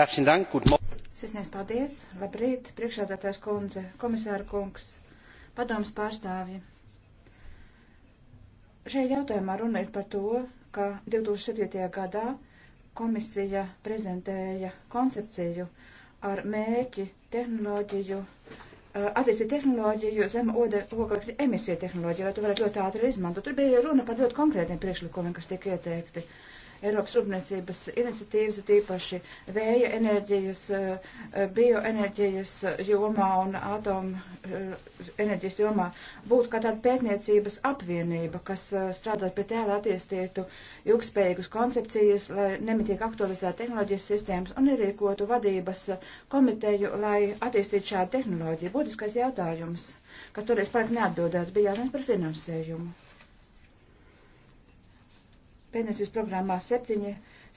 Herzlichen Dank, guten Morgen. Sisnieks, paldies. Labrīt, priekšādātājs kundze, komisāra kungs, padomas pārstāvji. Šajā jautājumā runa ir par to, ka 2007. gadā komisija prezentēja koncepciju ar mērķi tehnoloģiju, eh, attīstīt tehnoloģiju zem ogļu emisiju tehnoloģiju, lai to varētu ļoti ātri izmantot. Tur bija runa par ļoti konkrētiem priekšlikumiem, kas tiek ieteikti. Uh, Eiropas rūpniecības iniciatīvas, tīpaši vēja enerģijas, eh, eh, bioenerģijas eh, jomā un atomu enerģijas jomā, būtu kā tāda pētniecības apvienība, kas strādāt pie tēla attīstītu ilgspējīgus koncepcijas, lai nemitīgi aktualizētu tehnoloģijas sistēmas un ierīkotu vadības komiteju, lai attīstītu šādu tehnoloģiju. Būtiskais jautājums, kas toreiz pārāk neatbildēts, bija jautājums par finansējumu pēdējais programmā 7,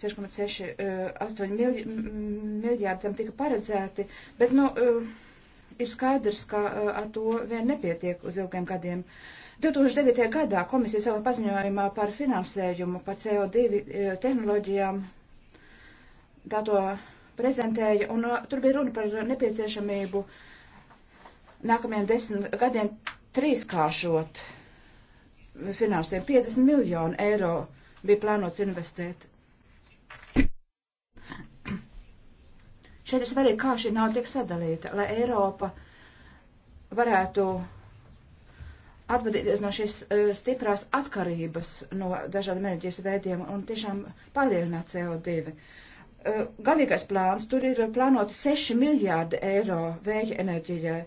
6,8 milj miljārdi tam tika paredzēti, bet, nu, eh, ir skaidrs, ka eh, ar to vien nepietiek uz ilgiem gadiem. 2009. gadā komisija savā paziņojumā par finansējumu par CO2 eh, tehnoloģijām tā to prezentēja, un tur bija runa par nepieciešamību nākamajiem desmit gadiem trīskāršot finansējumu 50 miljonu eiro bija plānots investēt. Šeit ir svarīgi, kā šī nauda tiek sadalīta, lai Eiropa varētu atvadīties no šīs eh, stiprās atkarības no dažādiem enerģijas veidiem un tiešām palielināt CO2. Eh, galīgais plāns, tur ir plānoti 6 miljārdi eiro vēja enerģijai,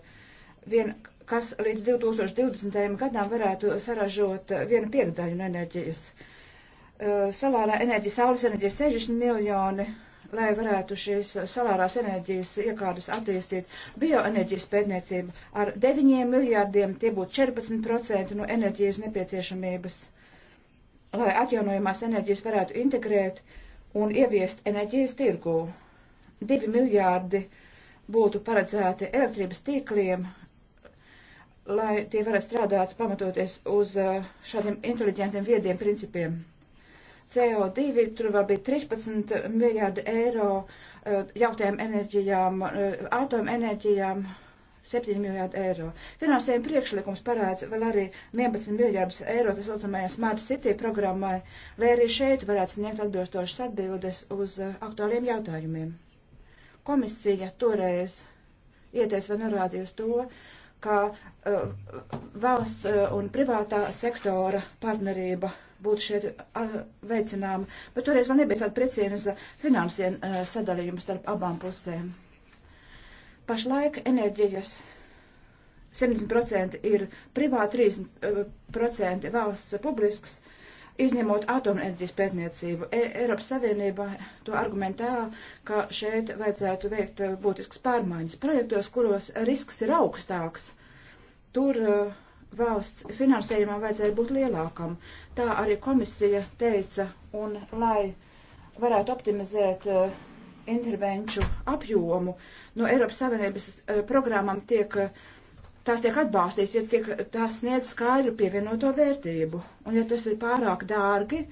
vien, kas līdz 2020. gadām varētu saražot vienu piekdaļu no enerģijas. Uh, Eh, solārā enerģija, saules enerģija 60 miljoni, lai varētu šīs solārās enerģijas iekārtas attīstīt. Bioenerģijas pētniecība ar 9 miljārdiem tie būtu 14% no enerģijas nepieciešamības, lai atjaunojumās enerģijas varētu integrēt un ieviest enerģijas tirgū. 2 miljārdi būtu paredzēti elektrības tīkliem, lai tie varētu strādāt pamatoties uz eh, šādiem inteliģentiem viediem principiem. CO2, tur vēl bija 13 miljārdi eiro eh, jautājām enerģijām, eh, atomenerģijām. 7 miljārdi eiro. Finansējuma priekšlikums parāds vēl arī 11 miljārdus eiro, tas saucamajā Smart City programmai, lai arī šeit varētu sniegt atbilstošas atbildes uz eh, aktuāliem jautājumiem. Komisija toreiz ieteica vai norādīja uz to, ka uh, valsts uh, un privātā sektora partnerība uh, būtu šeit veicināma, bet toreiz vēl nebija tāda precīza finansējuma sadalījuma starp abām pusēm. Pašlaik enerģijas 70% ir privāti, 30% valsts publisks, izņemot atomenerģijas pētniecību. E Eiropas Savienība to argumentē, ka šeit vajadzētu veikt būtiskas pārmaiņas. Projektos, kuros risks ir augstāks, tur uh, valsts finansējumam vajadzēja būt lielākam. Tā arī komisija teica, un lai varētu optimizēt uh, intervenču apjomu, no Eiropas Savienības uh, eh, programmam tiek, uh, tās tiek atbalstīts, ja tiek, tās sniedz skaidru pievienoto vērtību. Un ja tas ir pārāk dārgi,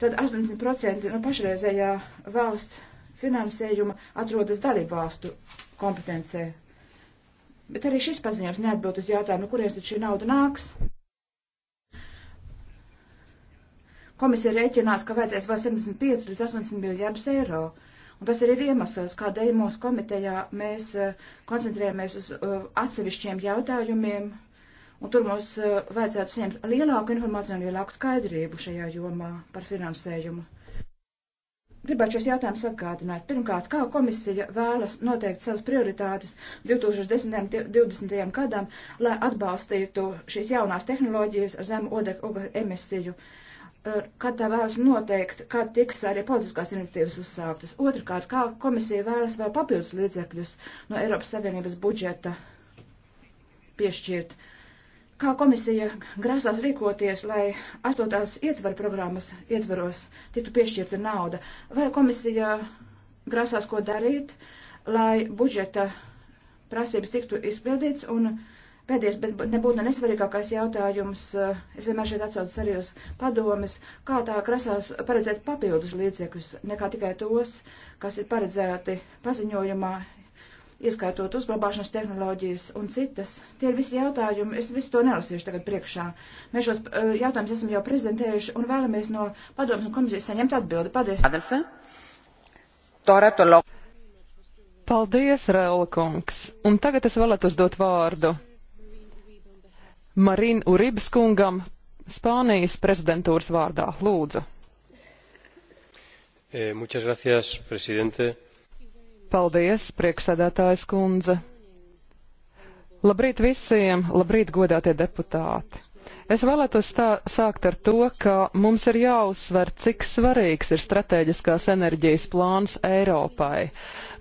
tad 80% no pašreizējā valsts finansējuma atrodas dalībvalstu kompetencē. Bet arī šis paziņojums neatbild uz jautājumu, nu, kurienes tad šī nauda nāks. Komisija rēķinās, ka vajadzēs vēl 75 līdz 80 miljardus eiro. Un tas arī ir iemesls, kādēļ mūsu komitejā mēs eh, koncentrējamies uz eh, atsevišķiem jautājumiem, un tur mums eh, vajadzētu sniegt lielāku informāciju un lielāku skaidrību šajā jomā par finansējumu. Gribētu šos jautājumus atgādināt. Pirmkārt, kā komisija vēlas noteikt savas prioritātes 2010. un 2020. gadam, lai atbalstītu šīs jaunās tehnoloģijas ar zemu odekļu emisiju? Uh, kad tā vēlas noteikt, kad tiks arī politiskās iniciatīvas uzsāktas? Otrakārt, kā komisija vēlas vēl papildus līdzekļus no Eiropas Savienības budžeta piešķirt? Uh, Kā komisija grasās rīkoties, lai astotās ietvaru programmas ietvaros tiktu piešķirta nauda? Vai komisija grasās ko darīt, lai budžeta prasības tiktu izpildīts? Un pēdējais, bet nebūtu nesvarīgākais jautājums, eh, es vienmēr šeit atsaucos arī uz padomis, kā tā grasās paredzēt papildus līdzekļus, nekā tikai tos, kas ir paredzēti paziņojumā ieskaitot uzglabāšanas tehnoloģijas un citas. Tie ir visi jautājumi, es visu to nelasīšu tagad priekšā. Mēs šos eh, jautājumus esam jau prezentējuši un vēlamies no padomas un komisijas saņemt atbildi. Paldies! Paldies, Rēla kungs! Un tagad es vēlētu uzdot vārdu Marin Uribas kungam Spānijas prezidentūras vārdā. Lūdzu! Eh, muchas gracias, presidente. Paldies, priekšsēdētājs kundze. Labrīt visiem, labrīt godātie deputāti. Es vēlētos tā, sākt ar to, ka mums ir jāuzsver, cik svarīgs ir strateģiskās enerģijas plāns Eiropai.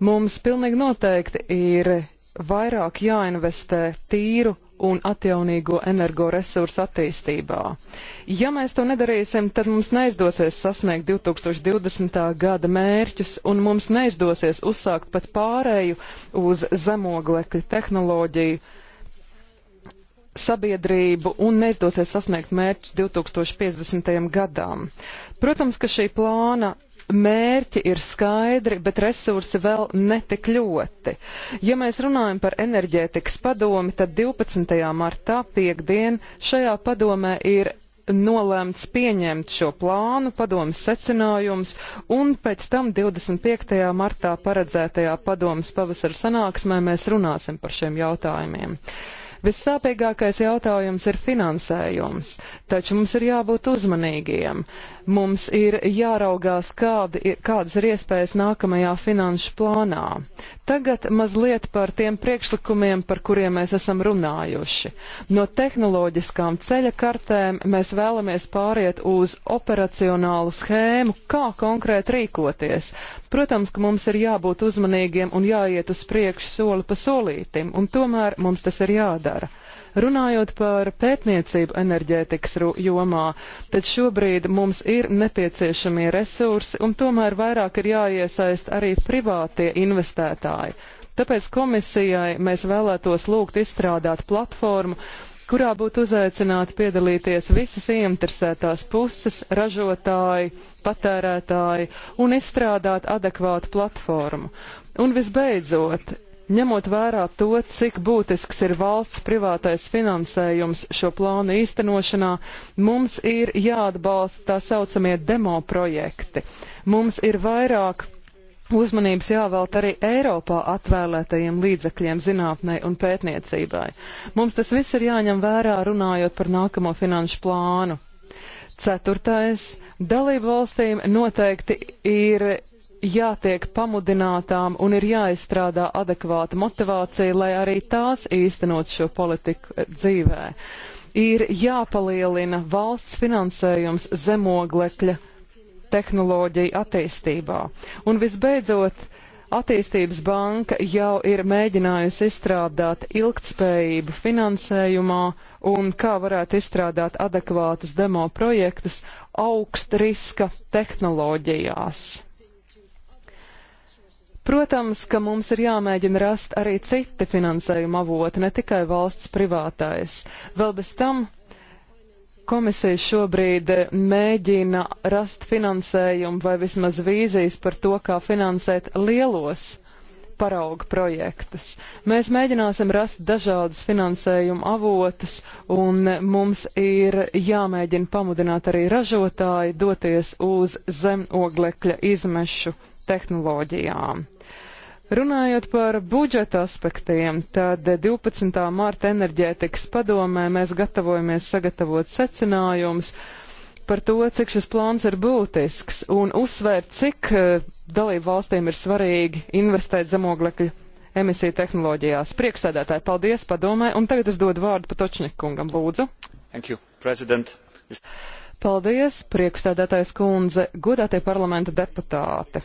Mums pilnīgi noteikti ir vairāk jāinvestē tīru un atjaunīgo energoresursu attīstībā. Ja mēs to nedarīsim, tad mums neizdosies sasniegt 2020. gada mērķus, un mums neizdosies uzsākt pat pārēju uz zemoglekļa tehnoloģiju sabiedrību un neizdosies sasniegt mērķus 2050. gadām. Protams, ka šī plāna mērķi ir skaidri, bet resursi vēl netik ļoti. Ja mēs runājam par enerģētikas padomi, tad 12. martā piekdien šajā padomē ir nolēmts pieņemt šo plānu, padomas secinājumus, un pēc tam 25. martā paredzētajā padomas pavasara sanāksmē mēs runāsim par šiem jautājumiem. Vissāpīgākais jautājums ir finansējums taču mums ir jābūt uzmanīgiem. Mums ir jāraugās, kādi, kādas ir iespējas nākamajā finanšu plānā. Tagad mazliet par tiem priekšlikumiem, par kuriem mēs esam runājuši. No tehnoloģiskām ceļa kartēm mēs vēlamies pāriet uz operacionālu schēmu, kā konkrēti rīkoties. Protams, ka mums ir jābūt uzmanīgiem un jāiet uz priekšu soli pa solītim, un tomēr mums tas ir jādara. Runājot par pētniecību enerģētikas jomā, tad šobrīd mums ir nepieciešamie resursi un tomēr vairāk ir jāiesaist arī privātie investētāji. Tāpēc komisijai mēs vēlētos lūgt izstrādāt platformu, kurā būtu uzaicināti piedalīties visas ieinteresētās puses, ražotāji, patērētāji un izstrādāt adekvātu platformu. Un visbeidzot, Ņemot vērā to, cik būtisks ir valsts privātais finansējums šo plānu īstenošanā, mums ir jāatbalsta tā saucamie demo projekti. Mums ir vairāk Uzmanības jāvēlta arī Eiropā atvēlētajiem līdzekļiem zinātnē un pētniecībai. Mums tas viss ir jāņem vērā runājot par nākamo finanšu plānu. Ceturtais. Dalību valstīm noteikti ir jātiek pamudinātām un ir jāizstrādā adekvāta motivācija, lai arī tās īstenot šo politiku eh, dzīvē. Ir jāpalielina valsts finansējums zemoglekļa tehnoloģiju attīstībā. Un visbeidzot, Attīstības banka jau ir mēģinājusi izstrādāt ilgtspējību finansējumā un kā varētu izstrādāt adekvātus demo projektus augstriska tehnoloģijās. Protams, ka mums ir jāmēģina rast arī citi finansējuma avoti, ne tikai valsts privātais. Vēl bez tam komisija šobrīd mēģina rast finansējumu vai vismaz vīzijas par to, kā finansēt lielos parauga projektus. Mēs mēģināsim rast dažādus finansējumu avotus, un mums ir jāmēģina pamudināt arī ražotāji doties uz zemoglekļa izmešu tehnoloģijām. Runājot par budžeta aspektiem, tad 12. mārta enerģētikas padomē mēs gatavojamies sagatavot secinājumus par to, cik šis plāns ir būtisks un uzsvērt, cik uh, dalību valstīm ir svarīgi investēt zemoglekļu emisiju tehnoloģijās. Priekšsēdētāji, paldies padomē, un tagad es dodu vārdu Patočnikungam, lūdzu. Thank you, President. Paldies, priekšsēdētājs kundze, godātie parlamenta deputāti.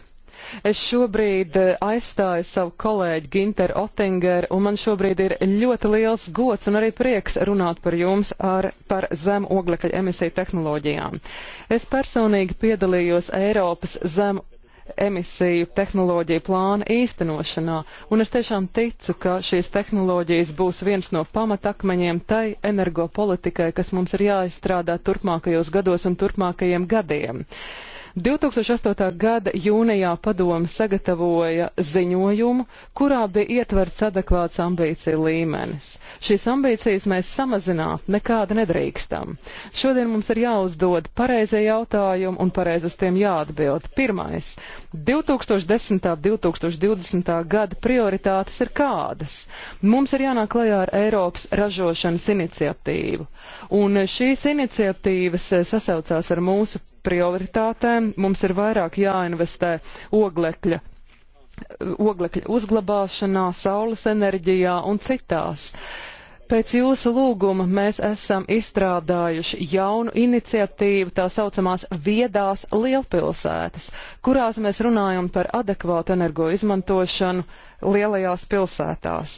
Es šobrīd eh, aizstāju savu kolēģi Ginteru Otingeru, un man šobrīd ir ļoti liels gods un arī prieks runāt par jums ar, par zem oglekļa emisiju tehnoloģijām. Es personīgi piedalījos Eiropas zem emisiju tehnoloģiju plāna īstenošanā, un es tiešām ticu, ka šīs tehnoloģijas būs viens no pamatakmeņiem tai energopolitikai, kas mums ir jāizstrādā turpmākajos gados un turpmākajiem gadiem. Uh, 2008. gada jūnijā padome sagatavoja ziņojumu, kurā bija ietverts adekvāts ambīcija līmenis. Šīs ambīcijas mēs samazināt nekāda nedrīkstam. Šodien mums ir jāuzdod pareizie jautājumi un pareiz uz tiem jāatbild. Pirmais - 2010. 2020. gada prioritātes ir kādas? Mums ir jānāk klajā ar Eiropas ražošanas iniciatīvu. Un šīs iniciatīvas eh, sasaucās ar mūsu prioritātēm nozarēm, mums ir vairāk jāinvestē oglekļa oglekļa uzglabāšanā, saules enerģijā un citās. Pēc jūsu lūguma mēs esam izstrādājuši jaunu iniciatīvu, tā saucamās viedās lielpilsētas, kurās mēs runājam par adekvātu energo izmantošanu lielajās pilsētās.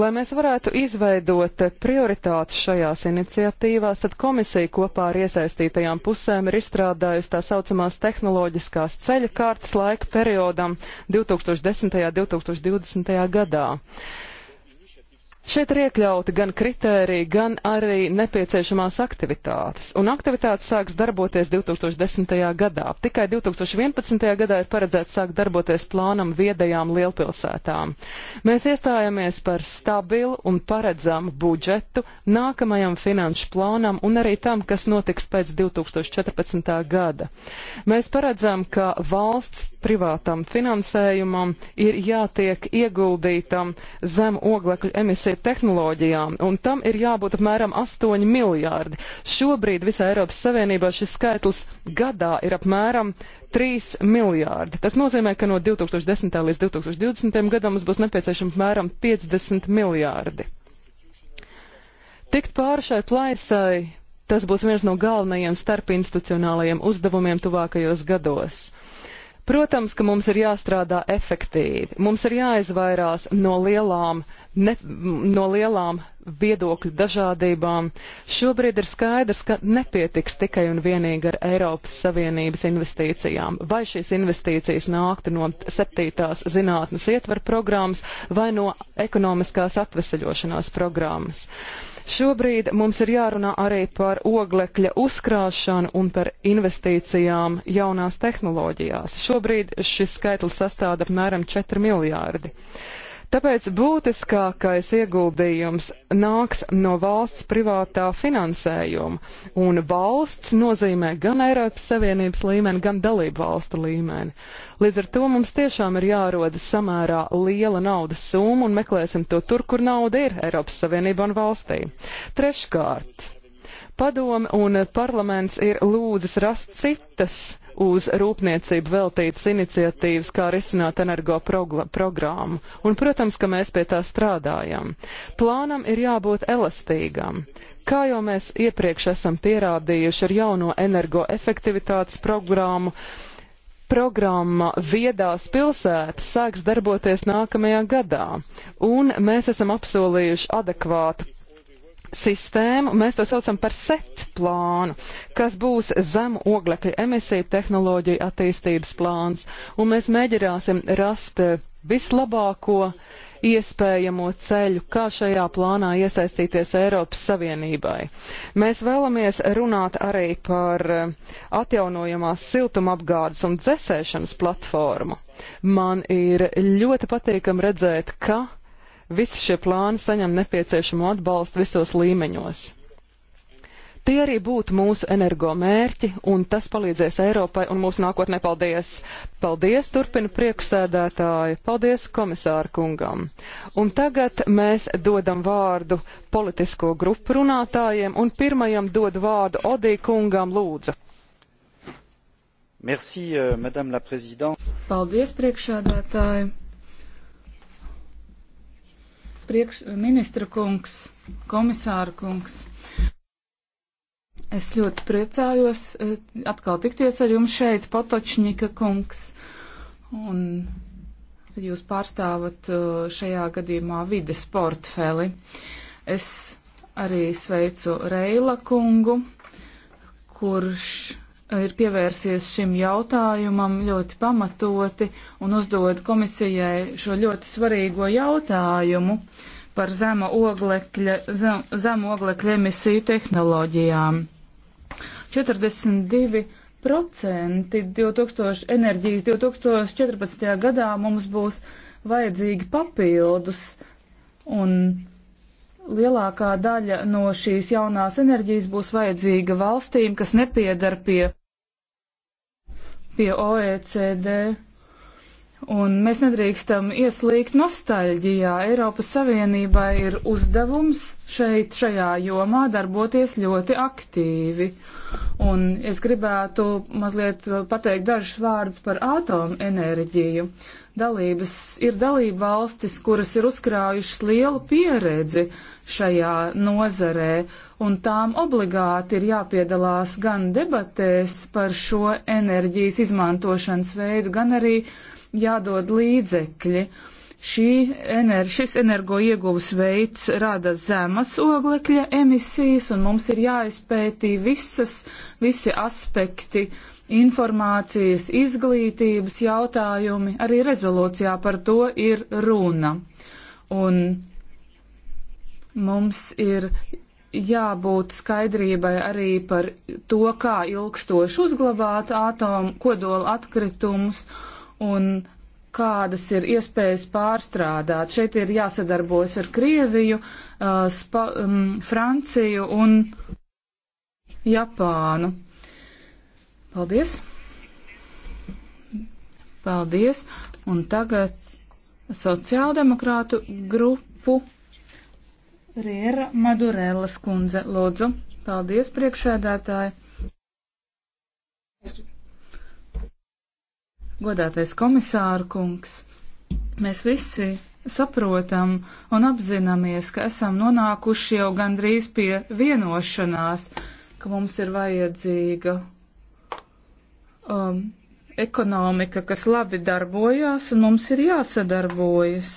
Lai mēs varētu izveidot prioritātes šajās iniciatīvās, tad komisija kopā ar iesaistītajām pusēm ir izstrādājusi tā saucamās tehnoloģiskās ceļa kārtas laika periodam 2010. un 2020. gadā. Šeit ir iekļauti gan kritēriji, gan arī nepieciešamās aktivitātes. Un aktivitātes sāks darboties 2010. gadā. Tikai 2011. gadā ir paredzēts sākt darboties plānam viedajām lielpilsētām. Mēs iestājāmies par stabilu un paredzamu budžetu nākamajam finanšu plānam un arī tam, kas notiks pēc 2014. gada. Mēs paredzam, ka valsts privātam finansējumam ir jātiek ieguldītam zem oglekļu emisiju tehnoloģijām, un tam ir jābūt apmēram 8 miljārdi. Šobrīd visā Eiropas Savienībā šis skaitlis gadā ir apmēram 3 miljārdi. Tas nozīmē, ka no 2010. līdz 2020. gadam mums būs nepieciešams apmēram 50 miljārdi. Tikt pāri šai plaisai Tas būs viens no galvenajiem starpinstitucionālajiem uzdevumiem tuvākajos gados. Protams, ka mums ir jāstrādā efektīvi, mums ir jāizvairās no lielām, ne, no lielām viedokļu dažādībām. Šobrīd ir skaidrs, ka nepietiks tikai un vienīgi ar Eiropas Savienības investīcijām. Vai šīs investīcijas nāktu no septītās zinātnes ietver programmas vai no ekonomiskās atveseļošanās programmas. Uh, Šobrīd mums ir jārunā arī par oglekļa uzkrāšanu un par investīcijām jaunās tehnoloģijās. Šobrīd šis skaitlis sastāda apmēram 4 miljārdi. Uh, Tāpēc būtiskākais ieguldījums nāks no valsts privātā finansējuma, un valsts nozīmē gan Eiropas Savienības līmeni, gan dalību valstu līmeni. Līdz ar to mums tiešām ir jāroda samērā liela naudas summa un meklēsim to tur, kur nauda ir Eiropas Savienība un valstī. Treškārt, padome un parlaments ir lūdzas rast citas uz rūpniecību veltītas iniciatīvas, kā risināt energo programmu. Un, protams, ka mēs pie tā strādājam. Plānam ir jābūt elastīgam. Kā jau mēs iepriekš esam pierādījuši ar jauno energoefektivitātes programmu, programma Viedās pilsētas sāks darboties nākamajā gadā, un mēs esam apsolījuši adekvātu sistēmu, mēs to saucam par set plānu, kas būs zemu oglekļa emisiju tehnoloģija attīstības plāns, un mēs mēģināsim rast eh, vislabāko iespējamo ceļu, kā šajā plānā iesaistīties Eiropas Savienībai. Mēs vēlamies runāt arī par eh, atjaunojamās siltumapgādes un dzesēšanas platformu. Man ir ļoti patīkam redzēt, ka visi šie plāni saņem nepieciešamo atbalstu visos līmeņos. Tie arī būtu mūsu energomērķi, un tas palīdzēs Eiropai un mūsu nākotnē. Paldies! Paldies, turpina priekšsēdētāji! Paldies komisāra kungam! Un tagad mēs dodam vārdu politisko grupu runātājiem, un pirmajam dod vārdu Odī kungam lūdzu. Merci, euh, madame la présidente! Paldies, priekšsēdētāji! priekš, ministra kungs, komisāra kungs. Es ļoti priecājos eh, atkal tikties ar jums šeit, Potočņika kungs. Un jūs pārstāvat eh, šajā gadījumā vides portfeli. Es arī sveicu Reila kungu, kurš ir pievērsies šim jautājumam ļoti pamatoti un uzdod komisijai šo ļoti svarīgo jautājumu par zema oglekļa, zem, zem oglekļa emisiju tehnoloģijām. 42% 2000, enerģijas 2014. gadā mums būs vajadzīgi papildus un lielākā daļa no šīs jaunās enerģijas būs vajadzīga valstīm, kas nepiedar pie, pie OECD. Un mēs nedrīkstam ieslīgt nostalģijā. Eiropas Savienībai ir uzdevums šeit, šajā jomā darboties ļoti aktīvi. Un es gribētu mazliet pateikt dažus vārdus par atomenerģiju. Dalības ir dalība valstis, kuras ir uzkrājušas lielu pieredzi šajā nozarē, un tām obligāti ir jāpiedalās gan debatēs par šo enerģijas izmantošanas veidu, gan arī jādod līdzekļi. Šī ener, šis energoieguvas veids rada zemas oglekļa emisijas, un mums ir jāizpētī visas, visi aspekti, informācijas, izglītības jautājumi. Arī rezolūcijā par to ir runa. Un mums ir jābūt skaidrībai arī par to, kā ilgstoši uzglabāt atomu kodola atkritumus un kādas ir iespējas pārstrādāt. Šeit ir jāsadarbojas ar Krieviju, uh, Spa, um, Franciju un Japānu. Paldies! Paldies! Un tagad sociāldemokrātu grupu Riera Madurellas kundze. Lūdzu, paldies priekšēdētāji! godātais komisāru kungs, mēs visi saprotam un apzināmies, ka esam nonākuši jau gandrīz pie vienošanās, ka mums ir vajadzīga um, ekonomika, kas labi darbojās, un mums ir jāsadarbojas.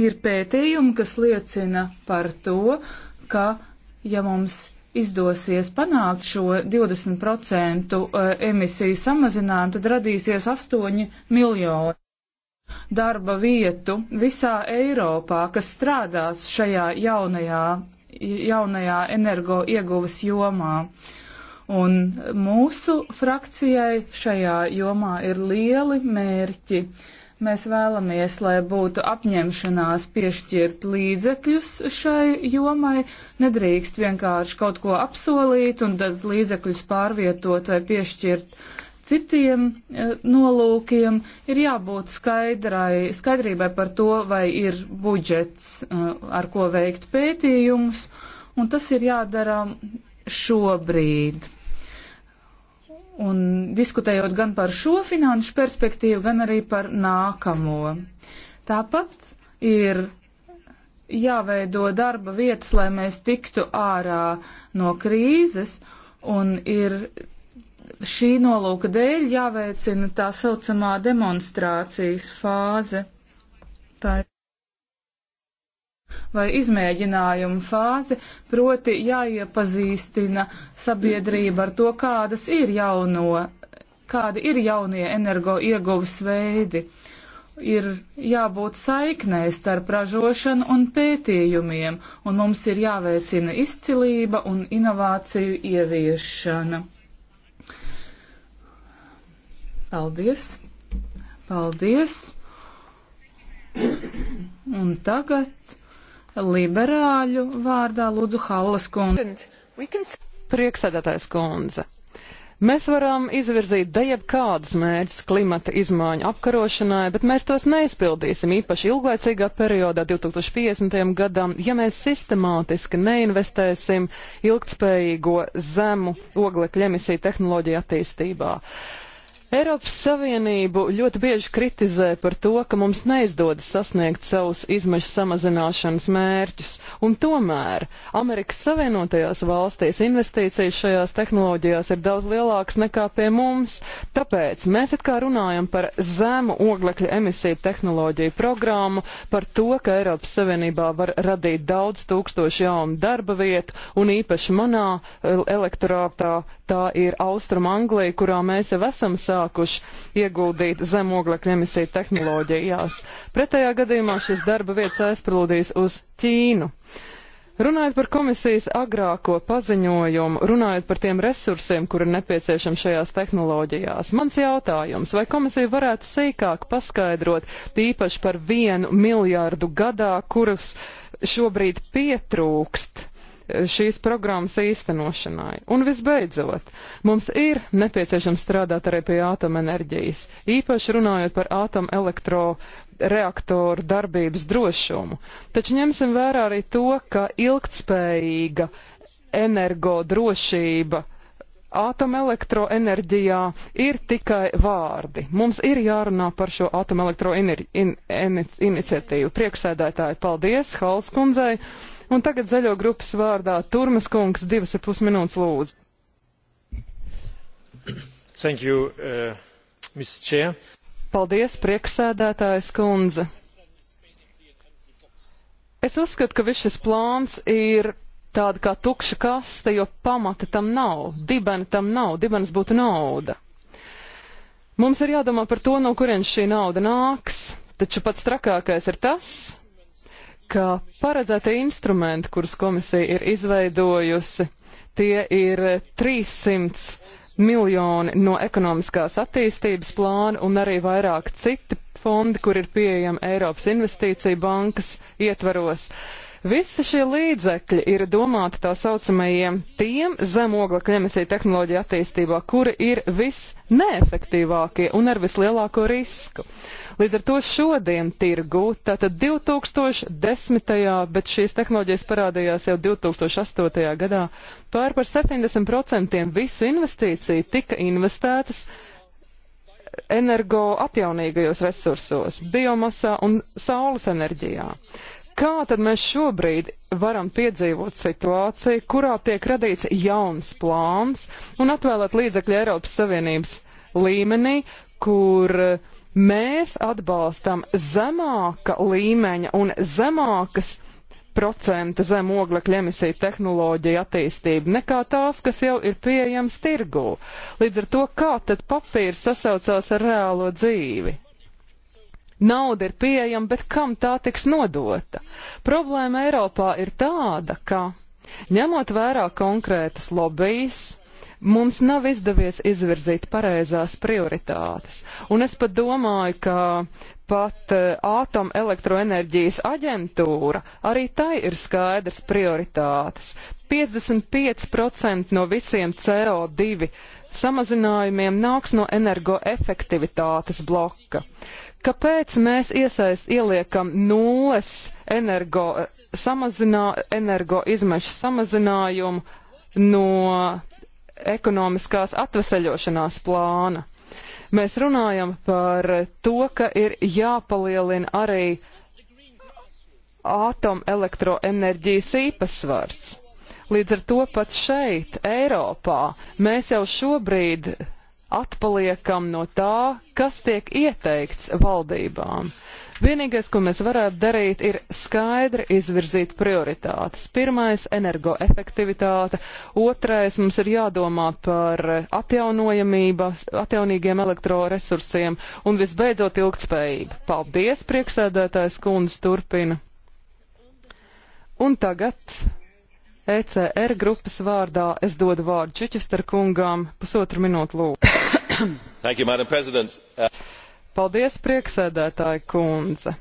Ir pētījumi, kas liecina par to, ka, ja mums izdosies panākt šo 20% eh, emisiju samazinājumu, tad radīsies 8 miljoni darba vietu visā Eiropā, kas strādās šajā jaunajā, jaunajā energo ieguves jomā. Un mūsu frakcijai šajā jomā ir lieli mērķi. Uh, Mēs vēlamies, lai būtu apņemšanās piešķirt līdzekļus šai jomai. Nedrīkst vienkārši kaut ko apsolīt un tad līdzekļus pārvietot vai piešķirt citiem e, nolūkiem. Ir jābūt skaidrai, skaidrībai par to, vai ir budžets, e, ar ko veikt pētījumus, un tas ir jādara šobrīd un diskutējot gan par šo finanšu perspektīvu, gan arī par nākamo. Tāpat ir jāveido darba vietas, lai mēs tiktu ārā no krīzes, un ir šī nolūka dēļ jāveicina tā saucamā demonstrācijas fāze. Tā ir vai izmēģinājuma fāzi, proti jāiepazīstina sabiedrība ar to, kādas ir jauno, kādi ir jaunie energo ieguves veidi. Ir jābūt saiknē starp ražošanu un pētījumiem, un mums ir jāveicina izcilība un inovāciju ieviešana. Paldies! Paldies! Un tagad liberāļu vārdā lūdzu Hallas kundze. Prieksēdētājs kundze. Mēs varam izvirzīt dejab kādus mērķus klimata izmaiņu apkarošanai, bet mēs tos neizpildīsim īpaši ilglaicīgā periodā 2050. gadam, ja mēs sistemātiski neinvestēsim ilgtspējīgo zemu oglekļa emisiju tehnoloģiju attīstībā. Eiropas Savienību ļoti bieži kritizē par to, ka mums neizdodas sasniegt savus izmešu samazināšanas mērķus, un tomēr Amerikas Savienotajās valstīs investīcijas šajās tehnoloģijās ir daudz lielākas nekā pie mums, tāpēc mēs it kā runājam par zemu oglekļa emisiju tehnoloģiju programmu, par to, ka Eiropas Savienībā var radīt daudz tūkstošu jaunu darba vietu, un īpaši manā eh, elektorātā tā ir Austrum Anglija, kurā mēs jau esam sākuši sākuši ieguldīt zemoglekļa emisiju tehnoloģijās. Pretējā gadījumā šis darba vietas aizplūdīs uz Ķīnu. Runājot par komisijas agrāko paziņojumu, runājot par tiem resursiem, kuri ir nepieciešami šajās tehnoloģijās, mans jautājums, vai komisija varētu sīkāk paskaidrot tīpaši par vienu miljārdu gadā, kurus šobrīd pietrūkst šīs programmas īstenošanai. Un visbeidzot, mums ir nepieciešams strādāt arī pie atomenerģijas, īpaši runājot par atomelektro reaktoru darbības drošumu. Taču ņemsim vērā arī to, ka ilgtspējīga energodrošība atomelektroenerģijā ir tikai vārdi. Mums ir jārunā par šo atomelektroiniciatīvu. In, in, in, Priekšsēdētāji, paldies Halskundzei! Un tagad zaļo grupas vārdā Turmas kungs divas ar pus minūtes lūdzu. Thank you, uh, Mrs. Chair. Paldies, prieksēdētājs kundze. Es uzskatu, ka viss šis plāns ir tāda kā tukša kaste, jo pamata tam nav, dibena tam nav, dibens būtu nauda. Mums ir jādomā par to, no kurienes šī nauda nāks, taču pats trakākais ir tas, ka paredzētie instrumenti, kurus komisija ir izveidojusi, tie ir 300 miljoni no ekonomiskās attīstības plāna un arī vairāk citi fondi, kur ir pieejami Eiropas investīcija bankas ietvaros. Visi šie līdzekļi ir domāti tā saucamajiem tiem zemoglekļa emisiju tehnoloģiju attīstībā, kuri ir visneefektīvākie un ar vislielāko risku. Līdz ar to šodien tirgu, tātad 2010. bet šīs tehnoloģijas parādījās jau 2008. gadā, pār par 70% visu investīciju tika investētas energo atjaunīgajos resursos, biomasā un saules enerģijā. Kā tad mēs šobrīd varam piedzīvot situāciju, kurā tiek radīts jauns plāns un atvēlēt līdzekļi Eiropas Savienības līmenī, kur uh, Mēs atbalstam zemāka līmeņa un zemākas procenta zem oglekļa emisiju tehnoloģija attīstība nekā tās, kas jau ir pieejams tirgū. Līdz ar to, kā tad papīrs sasaucās ar reālo dzīvi? Nauda ir pieejama, bet kam tā tiks nodota? Problēma Eiropā ir tāda, ka ņemot vērā konkrētas lobbyjas, Mums nav izdevies izvirzīt pareizās prioritātes, un es pat domāju, ka pat ātomelektroenerģijas eh, aģentūra arī tai ir skaidrs prioritātes. 55% no visiem CO2 samazinājumiem nāks no energoefektivitātes bloka. Kāpēc mēs iesaist ieliekam nulles energo, eh, samazinā, energo izmešu samazinājumu no ekonomiskās atveseļošanās plāna. Mēs runājam par to, ka ir jāpalielina arī atomelektroenerģijas īpatsvars. Līdz ar to pat šeit, Eiropā, mēs jau šobrīd atpaliekam no tā, kas tiek ieteikts valdībām. Vienīgais, ko mēs varētu darīt, ir skaidri izvirzīt prioritātes. Pirmais - energoefektivitāte, otrais - mums ir jādomā par atjaunojamības, atjaunīgiem elektroresursiem un visbeidzot ilgtspējību. Paldies, priekšsēdētājs kundze turpina. Un tagad ECR grupas vārdā es dodu vārdu Čičester kungām pusotru minūtu lūdzu. Paldies, prieksēdētāja kundze.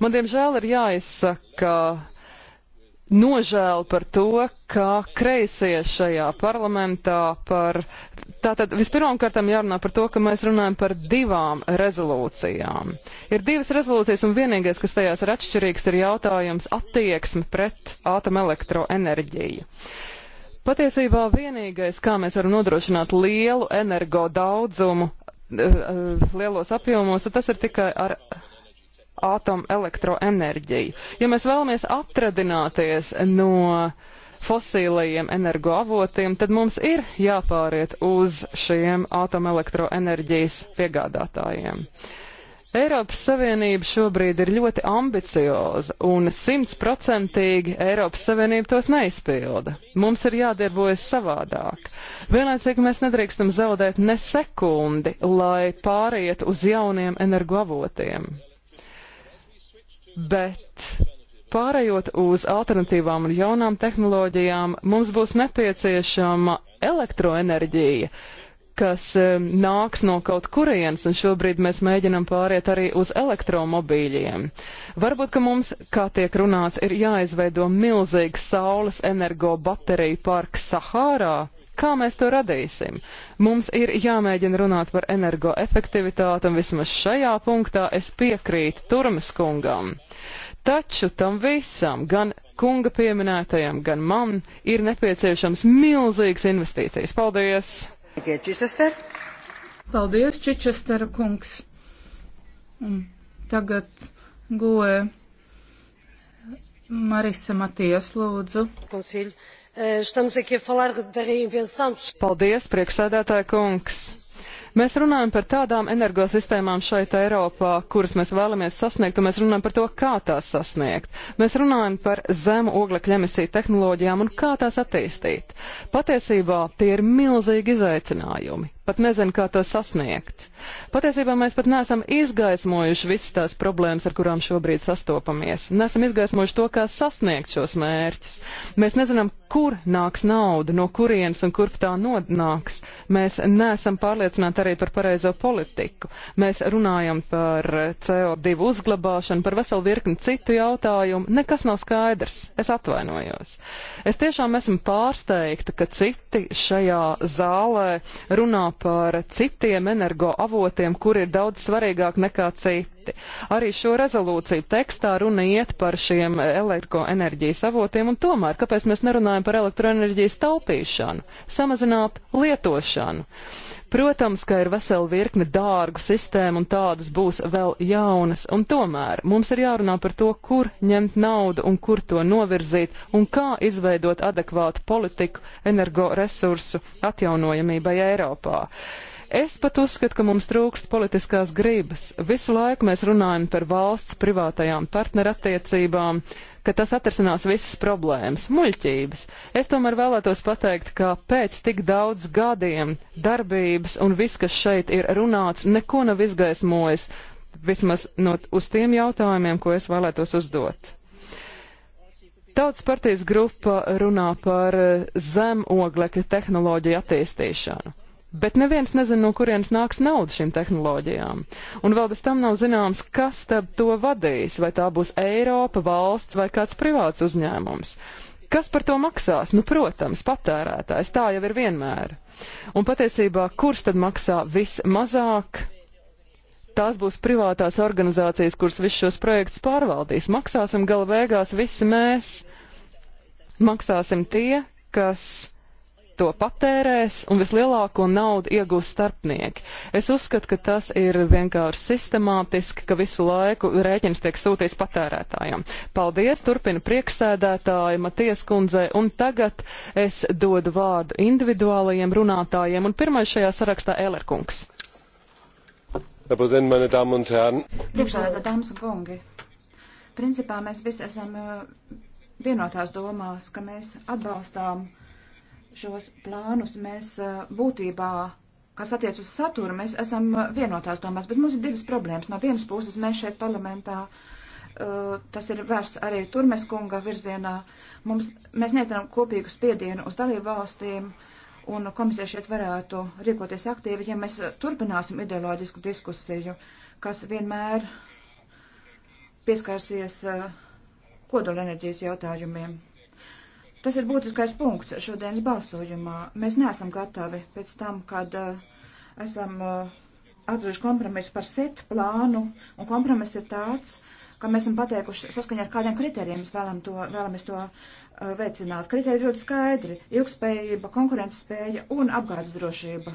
Man, diemžēl, ir jāizsaka nožēla par to, ka kreisie šajā parlamentā par. Tātad vispirmkārt jārunā par to, ka mēs runājam par divām rezolūcijām. Ir divas rezolūcijas un vienīgais, kas tajās ir atšķirīgs, ir jautājums attieksme pret atomelektroenerģiju. Patiesībā vienīgais, kā mēs varam nodrošināt lielu energo daudzumu Eh, lielos apjomos, tad tas ir tikai ar atomelektroenerģiju. Ja mēs vēlamies atradināties no fosīlajiem energoavotiem, tad mums ir jāpāriet uz šiem atomelektroenerģijas piegādātājiem. Uh, Eiropas Savienība šobrīd ir ļoti ambicioza un simtprocentīgi Eiropas Savienība tos neizpilda. Mums ir jādarbojas savādāk. Vienlaicīgi mēs nedrīkstam zaudēt ne sekundi, lai pāriet uz jauniem energoavotiem. Bet pārējot uz alternatīvām un jaunām tehnoloģijām, mums būs nepieciešama elektroenerģija, kas nāks no kaut kurienes, un šobrīd mēs mēģinam pāriet arī uz elektromobīļiem. Varbūt, ka mums, kā tiek runāts, ir jāizveido milzīgs saules energo bateriju parks Sahārā, kā mēs to radīsim. Mums ir jāmēģina runāt par energoefektivitāti, un vismaz šajā punktā es piekrītu Turmas kungam. Taču tam visam, gan kunga pieminētajam, gan man, ir nepieciešams milzīgas investīcijas. Paldies! Paldies, Čičestera kungs. Un tagad goe Marisa Matijas lūdzu. Eh, Paldies, priekšsēdētāja kungs. Mēs runājam par tādām energosistēmām šeit Eiropā, kuras mēs vēlamies sasniegt, un mēs runājam par to, kā tās sasniegt. Mēs runājam par zemu oglekļa emisiju tehnoloģijām un kā tās attīstīt. Patiesībā tie ir milzīgi izaicinājumi pat nezinu, kā to sasniegt. Patiesībā mēs pat neesam izgaismojuši visas tās problēmas, ar kurām šobrīd sastopamies. Nesam izgaismojuši to, kā sasniegt šos mērķus. Mēs nezinām, kur nāks nauda, no kurienes un kurp tā nonāks. Mēs neesam pārliecināti arī par pareizo politiku. Mēs runājam par CO2 uzglabāšanu, par veselu virkni citu jautājumu. Nekas nav skaidrs. Es atvainojos. Es tiešām esmu pārsteigta, ka citi šajā zālē runā par citiem energoavotiem, kur ir daudz svarīgāk nekā citi citi. Arī šo rezolūciju tekstā runa iet par šiem elektroenerģijas avotiem, un tomēr kāpēc mēs nerunājam par elektroenerģijas taupīšanu, samazināt lietošanu? Protams, ka ir vesela virkne dārgu sistēmu, un tādas būs vēl jaunas, un tomēr mums ir jārunā par to, kur ņemt naudu un kur to novirzīt, un kā izveidot adekvātu politiku energoresursu atjaunojamībai Eiropā. Es pat uzskatu, ka mums trūkst politiskās gribas. Visu laiku mēs runājam par valsts privātajām partnerattiecībām, ka tas atrisinās visas problēmas, muļķības. Es tomēr vēlētos pateikt, ka pēc tik daudz gadiem darbības un viss, kas šeit ir runāts, neko nav izgaismojis, vismaz no, uz tiem jautājumiem, ko es vēlētos uzdot. Tautas partijas grupa runā par eh, zemoglekļa tehnoloģiju attīstīšanu bet neviens nezin, no kurienes nāks nauda šīm tehnoloģijām. Un vēl bez tam nav zināms, kas tad to vadīs, vai tā būs Eiropa, valsts vai kāds privāts uzņēmums. Kas par to maksās? Nu, protams, patērētājs. Tā jau ir vienmēr. Un patiesībā, kurš tad maksā vismazāk? Tās būs privātās organizācijas, kuras visus šos projektus pārvaldīs. Maksāsim gala beigās visi mēs. Maksāsim tie, kas to patērēs, un vislielāko naudu iegūs starpnieki. Es uzskatu, ka tas ir vienkārši sistemātiski, ka visu laiku rēķins tiek sūtīts patērētājiem. Paldies, turpina priekšsēdētāja Maties kundzei, un tagad es dodu vārdu individuālajiem runātājiem, un pirmais šajā sarakstā Elerkungs. Herr Präsident, meine Damen und Herren! Priekšsēdētāji, dāmas un kungi! Principā mēs visi esam eh, vienotās domās, ka mēs atbalstām uh, šos plānus mēs būtībā, kas attiec uz saturu, mēs esam vienotās domās, bet mums ir divas problēmas. No vienas puses mēs šeit parlamentā, tas ir vērsts arī Turmes kunga virzienā, mums, mēs neizdarām kopīgu spiedienu uz dalību valstīm, un komisija šeit varētu rīkoties aktīvi, ja mēs turpināsim ideoloģisku diskusiju, kas vienmēr pieskārsies kodolenerģijas jautājumiem. Tas ir būtiskais punkts šodienas balsojumā. Mēs neesam gatavi pēc tam, kad uh, esam uh, atraduši kompromisu par set plānu, un kompromiss ir tāds, ka mēs esam pateikuši saskaņā ar kādiem kritērijiem mēs vēlam to, vēlamies to uh, veicināt. Kritēriji ļoti skaidri - ilgspējība, konkurences spēja un apgādes drošība.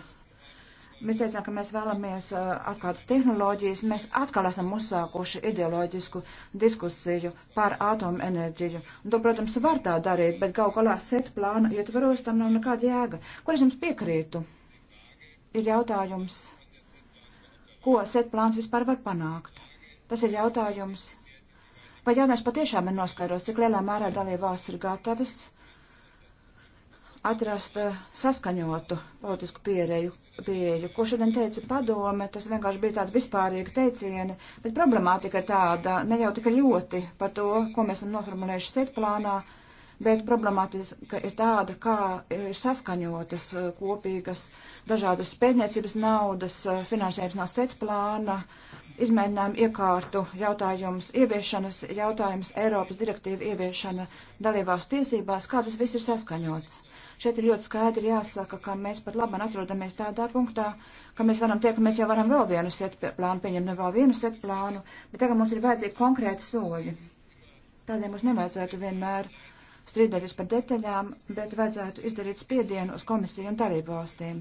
Mēs teicām, ka mēs vēlamies atkādas tehnoloģijas. Mēs atkal esam uzsākuši ideoloģisku diskusiju par atomenerģiju. Un to, protams, var tā darīt, bet gal galā set plāna ietveros tam nav nekāda jēga. Kur es jums piekrītu? Ir jautājums, ko set plāns vispār var panākt. Tas ir jautājums, vai jautājums patiešām ir noskaidrots, cik lielā mērā dalībvalsts ir gatavas atrast saskaņotu politisku pierēju, pieeju. Ko šodien teica padome, tas vienkārši bija tāda vispārīga teiciena, bet problemātika ir tāda, ne jau tik ļoti par to, ko mēs esam noformulējuši setplānā, bet problemātika ir tāda, kā ir saskaņotas eh, kopīgas dažādas pētniecības naudas, eh, finansējums no setplāna, izmēģinājumu iekārtu jautājums, ieviešanas jautājums, Eiropas direktīva ieviešana dalībās tiesībās, kā tas viss ir saskaņots Šeit ir ļoti skaidri jāsaka, ka mēs pat labam atrodamies tādā punktā, ka mēs varam teikt, ka mēs jau varam vēl vienu set plānu pieņemt, ne nu, vēl vienu set plānu, bet tagad mums ir vajadzīgi konkrēti soļi. Tādēļ mums nevajadzētu vienmēr strīdēties par detaļām, bet vajadzētu izdarīt spiedienu uz komisiju un darību valstīm,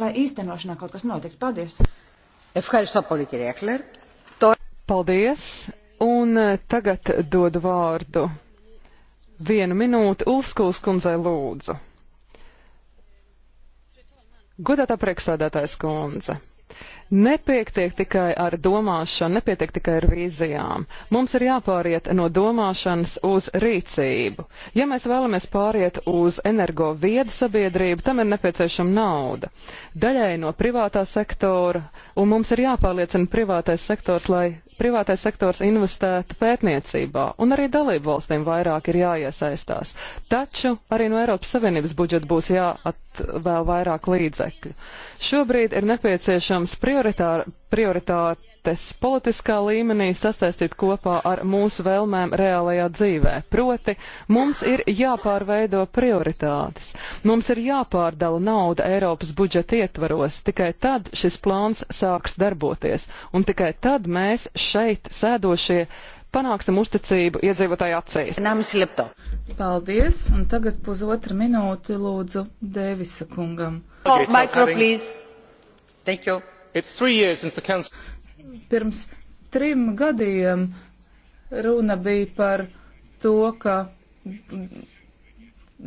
lai īstenošanā kaut kas notiktu. Paldies! Ευχαριστώ πολύ κυρία Κλέρ. Paldies! Un eh, tagad dodu vārdu. Vienu minūti Ulskuls kundzei lūdzu. Godātā priekšsēdētājs kundze, nepietiek tikai ar domāšanu, nepietiek tikai ar vīzijām. Mums ir jāpāriet no domāšanas uz rīcību. Ja mēs vēlamies pāriet uz energo viedu sabiedrību, tam ir nepieciešama nauda. Daļai no privātā sektora, un mums ir jāpārliecina privātais sektors, lai privātais sektors investētu pētniecībā, un arī dalību valstīm vairāk ir jāiesaistās. Taču arī no Eiropas Savienības budžeta būs jāatvēl vairāk līdzekļu. Šobrīd ir nepieciešams prioritāri prioritātes politiskā līmenī sasaistīt kopā ar mūsu vēlmēm reālajā dzīvē. Proti, mums ir jāpārveido prioritātes. Mums ir jāpārdala nauda Eiropas budžeta ietvaros. Tikai tad šis plāns sāks darboties. Un tikai tad mēs šeit sēdošie panāksim uzticību iedzīvotāju acīs. Nāmas Lepto. Paldies, un tagad pusotra minūte lūdzu Dēvisa kungam. Oh, micro, please. Thank you. Pirms trim gadiem runa bija par to, ka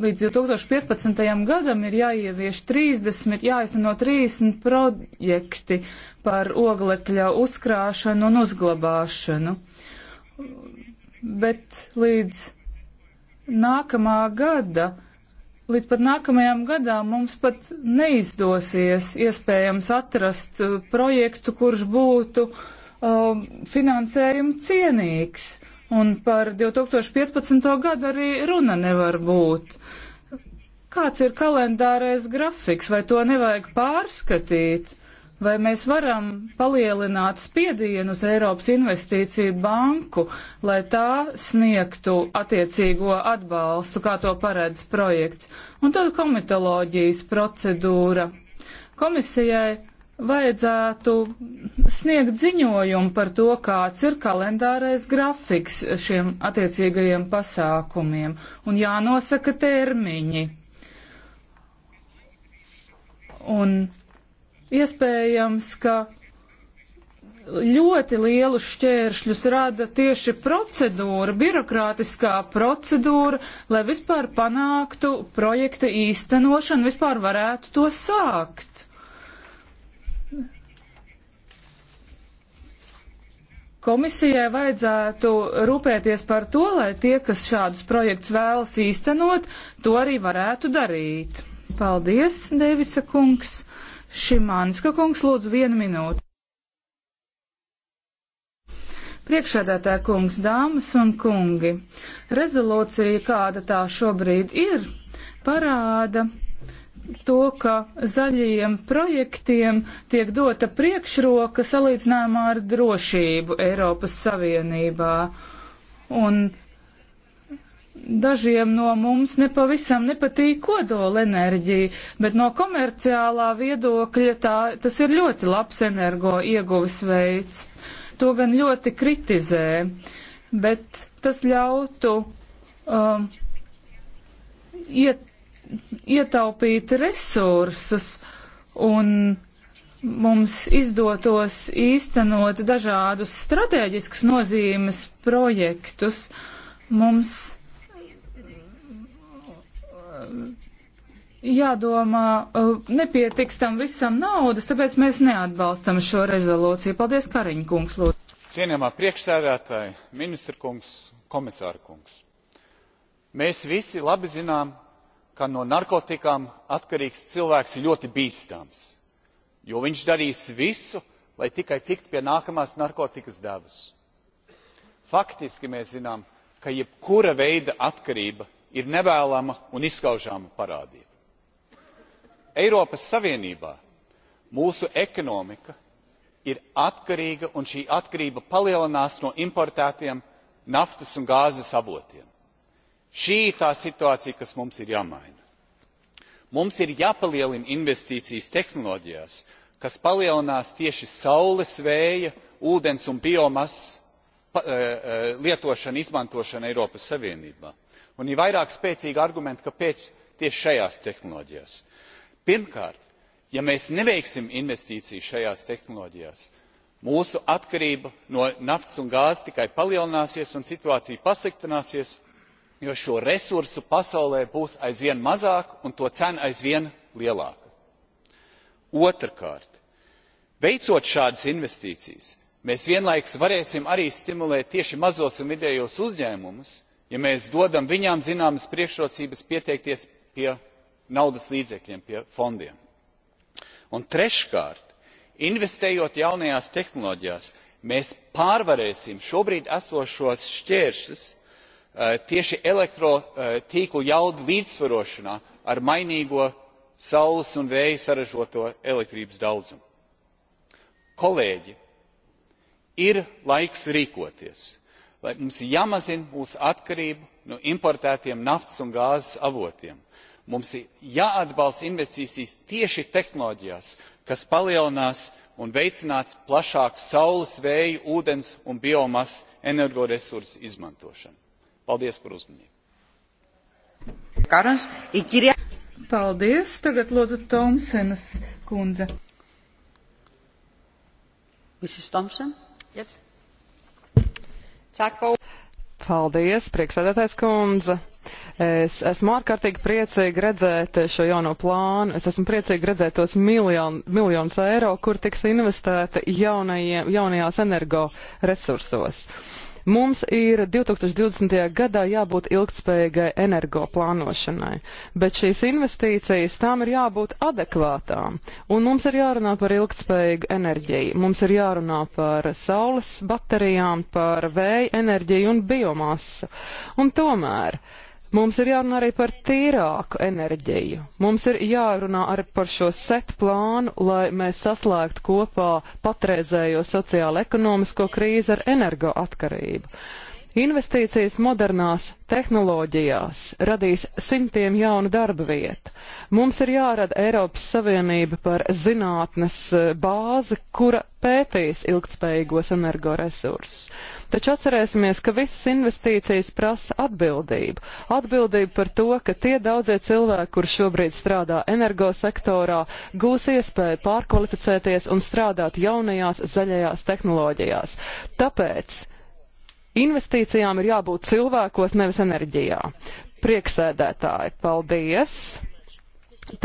līdz 2015. gadam ir jāievieš 30, jāizteno 30 projekti par oglekļa uzkrāšanu un uzglabāšanu. Bet līdz nākamā gada līdz pat nākamajām gadām mums pat neizdosies iespējams atrast uh, projektu, kurš būtu um, finansējumu cienīgs. Un par 2015. gadu arī runa nevar būt. Kāds ir kalendārais grafiks, vai to nevajag pārskatīt? vai mēs varam palielināt spiedienu uz Eiropas investīciju banku, lai tā sniegtu attiecīgo atbalstu, kā to paredz projekts. Un tad komitoloģijas procedūra. Komisijai vajadzētu sniegt ziņojumu par to, kāds ir kalendārais grafiks šiem attiecīgajiem pasākumiem un jānosaka termiņi. Un Iespējams, ka ļoti lielus šķēršļus rada tieši procedūra, birokrātiskā procedūra, lai vispār panāktu projekta īstenošanu, vispār varētu to sākt. Komisijai vajadzētu rūpēties par to, lai tie, kas šādus projektus vēlas īstenot, to arī varētu darīt. Paldies, Devisa kungs! Šimanska kungs, lūdzu, vienu minūti. Priekšādātā kungs, dāmas un kungi, rezolūcija, kāda tā šobrīd ir, parāda to, ka zaļajiem projektiem tiek dota priekšroka salīdzinājumā ar drošību Eiropas Savienībā. Un dažiem no mums nepavisam nepatīk kodolenerģija, bet no komerciālā viedokļa tā, tas ir ļoti labs energo ieguvis veids. To gan ļoti kritizē, bet tas ļautu um, iet, ietaupīt resursus un mums izdotos īstenot dažādus strateģisks nozīmes projektus. Mums jādomā, eh, nepietiks tam visam naudas, tāpēc mēs neatbalstam šo rezolūciju. Paldies, Kariņa kungs, lūdzu. Cienījamā priekšsēdētāja, ministra kungs, komisāra kungs. Mēs visi labi zinām, ka no narkotikām atkarīgs cilvēks ir ļoti bīstams, jo viņš darīs visu, lai tikai tiktu pie nākamās narkotikas devas. Faktiski mēs zinām, ka jebkura veida atkarība ir nevēlama un izskaužama parādība. eiropas savienībā mūsu ekonomika ir atkarīga un šī atkarība palielinās no importētiem naftas un gāzes avotiem. šī ir tā situācija kas mums ir jāmaina. mums ir jāpalielina investīcijas tehnoloģijās kas palielinās tieši saules vēja ūdens un biomasas eh, eh, lietošanu izmantošanu eiropas savienībā un ir vairāk spēcīgi argumenti kāpēc tieši šajās tehnoloģijās. pirmkārt ja mēs neveiksim investīcijas šajās tehnoloģijās mūsu atkarība no naftas un gāzes tikai palielināsies un situācija pasliktināsies jo šo resursu pasaulē būs aizvien mazāk un to cena aizvien lielāka. otrkārt veicot šādas investīcijas mēs vienlaikus varēsim arī stimulēt tieši mazos un vidējos uzņēmumus ja mēs dodam viņām zināmas priekšrocības pieteikties pie naudas līdzekļiem pie fondiem. un treškārt investējot jaunajās tehnoloģijās mēs pārvarēsim šobrīd esošos šķēršļus eh, tieši elektrotīklu eh, jaudu līdzsvarošanā ar mainīgo saules un vēja saražoto elektrības daudzumu. kolēģi ir laiks rīkoties! lai mums jāmazina mūsu atkarība no importētiem naftas un gāzes avotiem. mums ir jāatbalsta investīcijas tieši tehnoloģijās kas palielinās un veicinās plašāku saules vēja ūdens un biomasas energoresursu izmantošanu. paldies par uzmanību! Paldies! Tagad lūdzu Tomsenas kundze. Mrs. Thompson? Yes. Paldies, priekšsēdētājs kundze. Es esmu ārkārtīgi priecīgi redzēt šo jauno plānu. Es esmu priecīgi redzēt tos miljonu, miljonus eiro, kur tiks investēti jaunajiem, jaunajās energo resursos. Uh, Mums ir 2020. gadā jābūt ilgtspējīgai energo plānošanai, bet šīs investīcijas tām ir jābūt adekvātām. Un mums ir jārunā par ilgtspējīgu enerģiju, mums ir jārunā par saules baterijām, par vēja enerģiju un biomasu. Un tomēr. Uh, Mums ir jārunā arī par tīrāku enerģiju. Mums ir jārunā arī par šo set plānu, lai mēs saslēgtu kopā patreizējo sociālo-ekonomisko krīzi ar energoatkarību. Investīcijas modernās tehnoloģijās radīs simtiem jaunu darba vietu. Mums ir jārada Eiropas Savienība par zinātnes eh, bāzi, kura pētīs ilgtspējīgos energoresursus. Taču atcerēsimies, ka visas investīcijas prasa atbildību. Atbildību par to, ka tie daudzie cilvēki, kur šobrīd strādā energosektorā, gūs iespēju pārkvalificēties un strādāt jaunajās zaļajās tehnoloģijās. Tāpēc investīcijām ir jābūt cilvēkos, nevis enerģijā. Prieksēdētāji, paldies!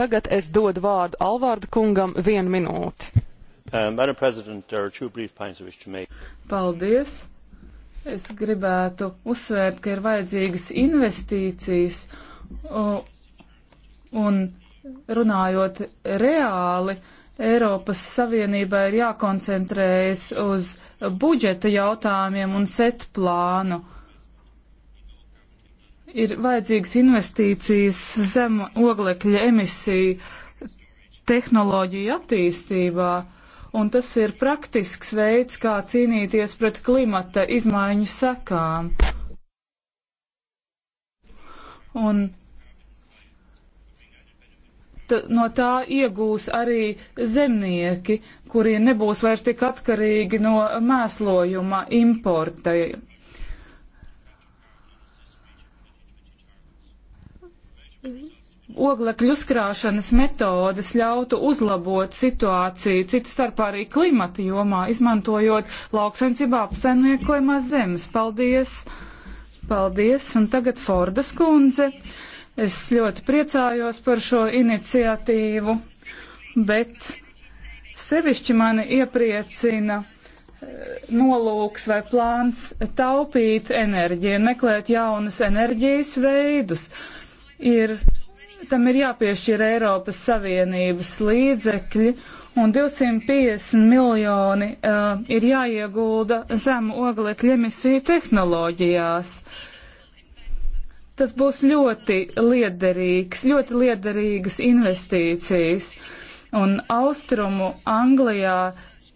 Tagad es dodu vārdu Alvārdu kungam vienu minūti. Um, Paldies! Es gribētu uzsvērt, ka ir vajadzīgas investīcijas un runājot reāli, Eiropas Savienībā ir jākoncentrējas uz budžeta jautājumiem un set plānu. Ir vajadzīgas investīcijas zem oglekļa emisiju tehnoloģiju attīstībā un tas ir praktisks veids, kā cīnīties pret klimata izmaiņu sekām. Un no tā iegūs arī zemnieki, kuri nebūs vairs tik atkarīgi no mēslojuma importa. Mm-hmm oglekļu uzkrāšanas metodes ļautu uzlabot situāciju, cits starpā arī klimata jomā, izmantojot lauksaimniecībā apsaimniekojumās zemes. Paldies! Paldies! Un tagad Fordas kundze. Es ļoti priecājos par šo iniciatīvu, bet sevišķi mani iepriecina eh, nolūks vai plāns taupīt enerģiju un meklēt jaunus enerģijas veidus. Ir tam ir jāpiešķir Eiropas Savienības līdzekļi un 250 miljoni uh, ir jāiegulda zemu oglekļa emisiju tehnoloģijās. Tas būs ļoti liederīgs, ļoti liederīgas investīcijas. Un austrumu Anglijā,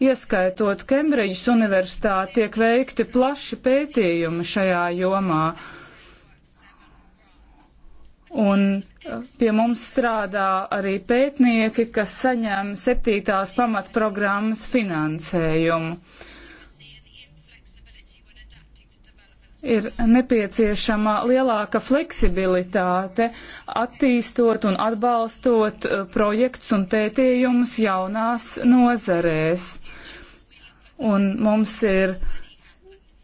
ieskaitot Kembridžas universitāti, tiek veikti plaši pētījumi šajā jomā. Un Pie mums strādā arī pētnieki, kas saņem septītās pamatprogrammas finansējumu. Ir nepieciešama lielāka fleksibilitāte, attīstot un atbalstot eh, projekts un pētījumus jaunās nozarēs. Un mums ir uh,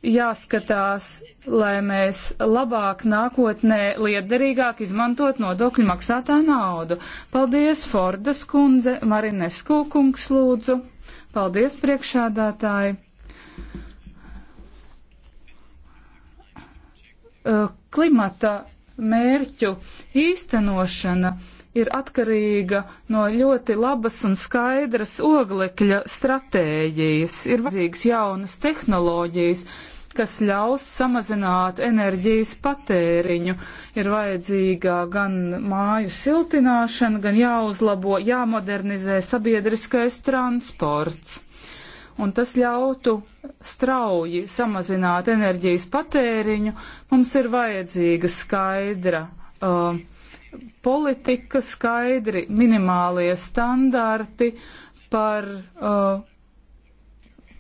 jāskatās, lai mēs labāk nākotnē liederīgāk izmantot nodokļu maksātāju naudu. Paldies, Fordas kundze, Marinesku kungs lūdzu. Paldies, priekšādātāji. Klimata mērķu īstenošana ir atkarīga no ļoti labas un skaidras oglekļa stratēģijas, ir vajadzīgas jaunas tehnoloģijas, kas ļaus samazināt enerģijas patēriņu. Ir vajadzīga gan māju siltināšana, gan jāuzlabo, jāmodernizē sabiedriskais transports. Un tas ļautu strauji samazināt enerģijas patēriņu. Mums ir vajadzīga skaidra uh, politika, skaidri minimālie standarti par. Uh,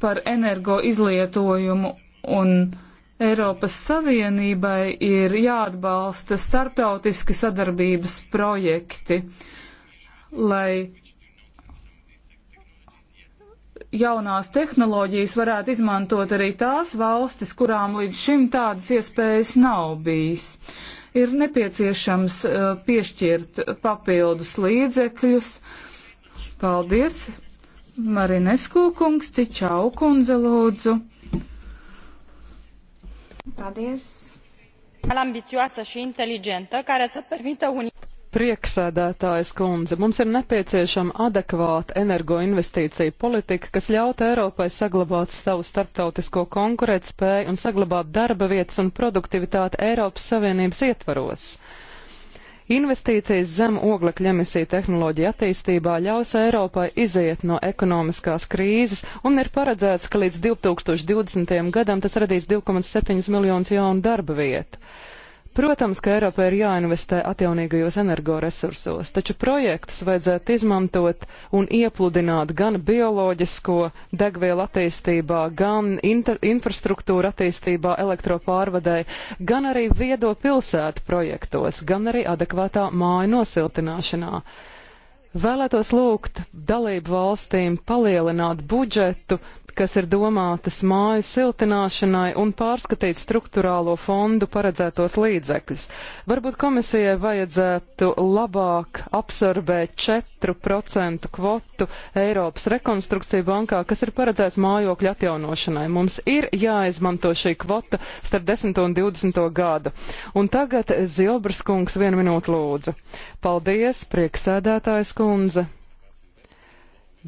par energo izlietojumu un Eiropas Savienībai ir jāatbalsta starptautiski sadarbības projekti, lai jaunās tehnoloģijas varētu izmantot arī tās valstis, kurām līdz šim tādas iespējas nav bijis. Ir nepieciešams uh, piešķirt papildus līdzekļus. Paldies, Marinesku kungs, Tičau kundze lūdzu. Paldies! Ambițioasă și inteligentă, care să permită un... Prieksēdētājs kundze, mums ir nepieciešama adekvāta energoinvestīcija politika, kas ļautu Eiropai saglabāt savu starptautisko konkurētspēju un saglabāt darba vietas un produktivitāti Eiropas Savienības ietvaros. Investīcijas zem oglekļa emisiju tehnoloģija attīstībā ļaus Eiropai iziet no ekonomiskās krīzes, un ir paredzēts, ka līdz 2020. gadam tas radīs 2,7 miljonus jaunu darba vietu. Protams, ka Eiropā ir jāinvestē atjaunīgajos energoresursos, taču projektus vajadzētu izmantot un iepludināt gan bioloģisko degvielu attīstībā, gan inter, infrastruktūra attīstībā elektropārvadē, gan arī viedo pilsētu projektos, gan arī adekvātā māja nosiltināšanā. Vēlētos lūgt dalību valstīm palielināt budžetu kas ir domātas māju siltināšanai un pārskatīt struktūrālo fondu paredzētos līdzekļus. Varbūt komisijai vajadzētu labāk absorbēt 4% kvotu Eiropas rekonstrukciju bankā, kas ir paredzēts mājokļu atjaunošanai. Mums ir jāizmanto šī kvota starp 10 un 20 gadu. Un tagad Ziobras kungs vienu minūtu lūdzu. Paldies, prieksēdētājs kundze.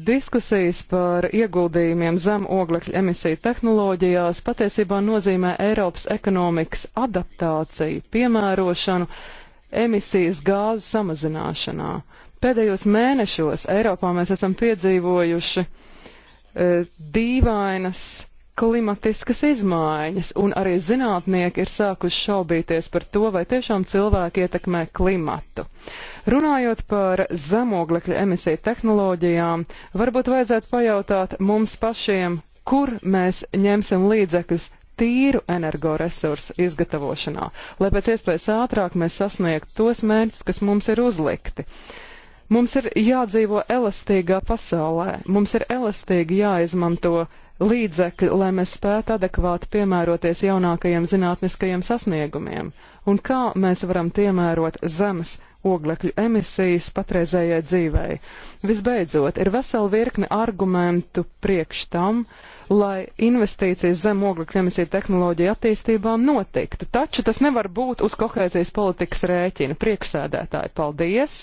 Diskusijas par ieguldījumiem zem oglekļa emisiju tehnoloģijās patiesībā nozīmē Eiropas ekonomikas adaptāciju, piemērošanu emisijas gāzu samazināšanā. Pēdējos mēnešos Eiropā mēs esam piedzīvojuši e, dīvainas klimatiskas izmaiņas, un arī zinātnieki ir sākuši šaubīties par to, vai tiešām cilvēki ietekmē klimatu. Runājot par zemoglekļa emisiju tehnoloģijām, varbūt vajadzētu pajautāt mums pašiem, kur mēs ņemsim līdzekļus tīru energoresursu izgatavošanā, lai pēc iespējas ātrāk mēs sasniegtu tos mērķus, kas mums ir uzlikti. Mums ir jādzīvo elastīgā pasaulē, mums ir elastīgi jāizmanto līdzekļi, lai mēs spētu adekvāti piemēroties jaunākajiem zinātniskajiem sasniegumiem, un kā mēs varam piemērot zemes oglekļu emisijas patreizējai dzīvei. Visbeidzot, ir vesela virkne argumentu priekš tam, lai investīcijas zem oglekļu emisiju tehnoloģiju attīstībām notiktu, taču tas nevar būt uz kohēzijas politikas rēķina. Priekšsēdētāji, paldies!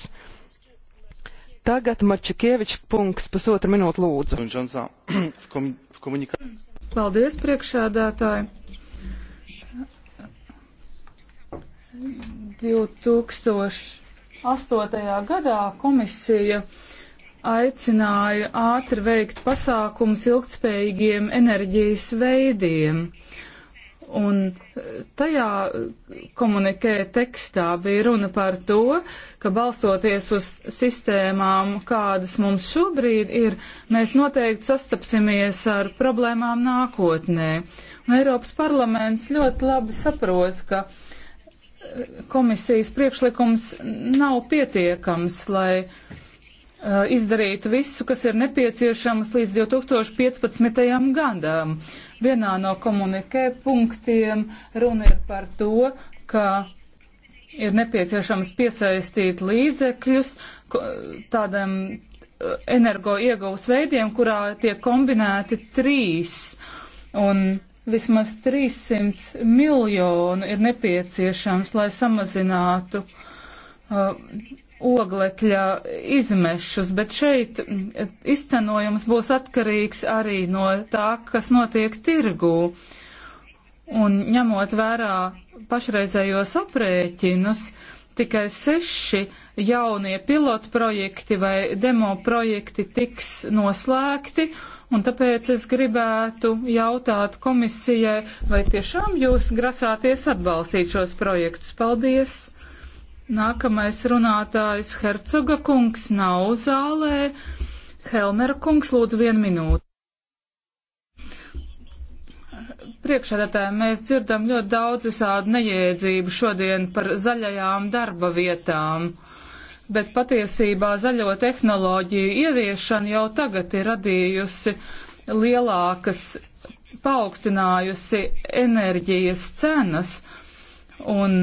Tagad Marčikievičs punkts pusotru minūtu lūdzu. Paldies, priekšādātāji. 2008. gadā komisija aicināja ātri veikt pasākums ilgtspējīgiem enerģijas veidiem. Uh, Un tajā komunikē tekstā bija runa par to, ka balstoties uz sistēmām, kādas mums šobrīd ir, mēs noteikti sastapsimies ar problēmām nākotnē. Un Eiropas parlaments ļoti labi saprot, ka eh, komisijas priekšlikums nav pietiekams, lai eh, izdarītu visu, kas ir nepieciešams līdz 2015. gadam. Vienā no komunikē punktiem runa ir par to, ka ir nepieciešams piesaistīt līdzekļus tādam e, energoieguvas veidiem, kurā tiek kombinēti trīs. Un vismaz 300 miljonu ir nepieciešams, lai samazinātu uh, oglekļa izmešus, bet šeit izcenojums būs atkarīgs arī no tā, kas notiek tirgū. Un ņemot vērā pašreizējos aprēķinus, tikai seši jaunie pilotu projekti vai demo projekti tiks noslēgti, Un tāpēc es gribētu jautāt komisijai, vai tiešām jūs grasāties atbalstīt šos projektus? Paldies! Nākamais runātājs Hercoga kungs nav zālē. Helmera kungs, lūdzu, vienu minūti. Priekšādātāji, mēs dzirdam ļoti daudz visādu nejēdzību šodien par zaļajām darba vietām, bet patiesībā zaļo tehnoloģiju ieviešana jau tagad ir radījusi lielākas, paaugstinājusi enerģijas cenas un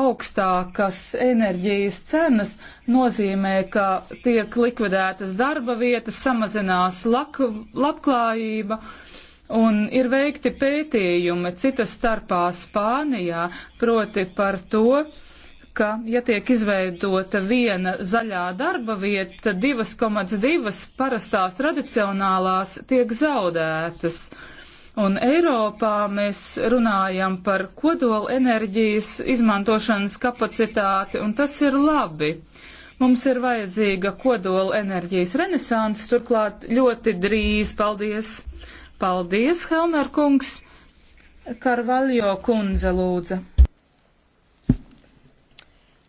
augstākas enerģijas cenas nozīmē, ka tiek likvidētas darba vietas, samazinās lak, labklājība. Un ir veikti pētījumi, citas starpā Spānijā, proti par to, ka, ja tiek izveidota viena zaļā darba vieta, 2,2 parastās tradicionālās tiek zaudētas. Uh, Un Eiropā mēs runājam par kodola enerģijas izmantošanas kapacitāti, un tas ir labi. Mums ir vajadzīga kodola enerģijas renesants, turklāt ļoti drīz. Paldies! Paldies, Helmer kungs! Karvaljo kundze lūdza.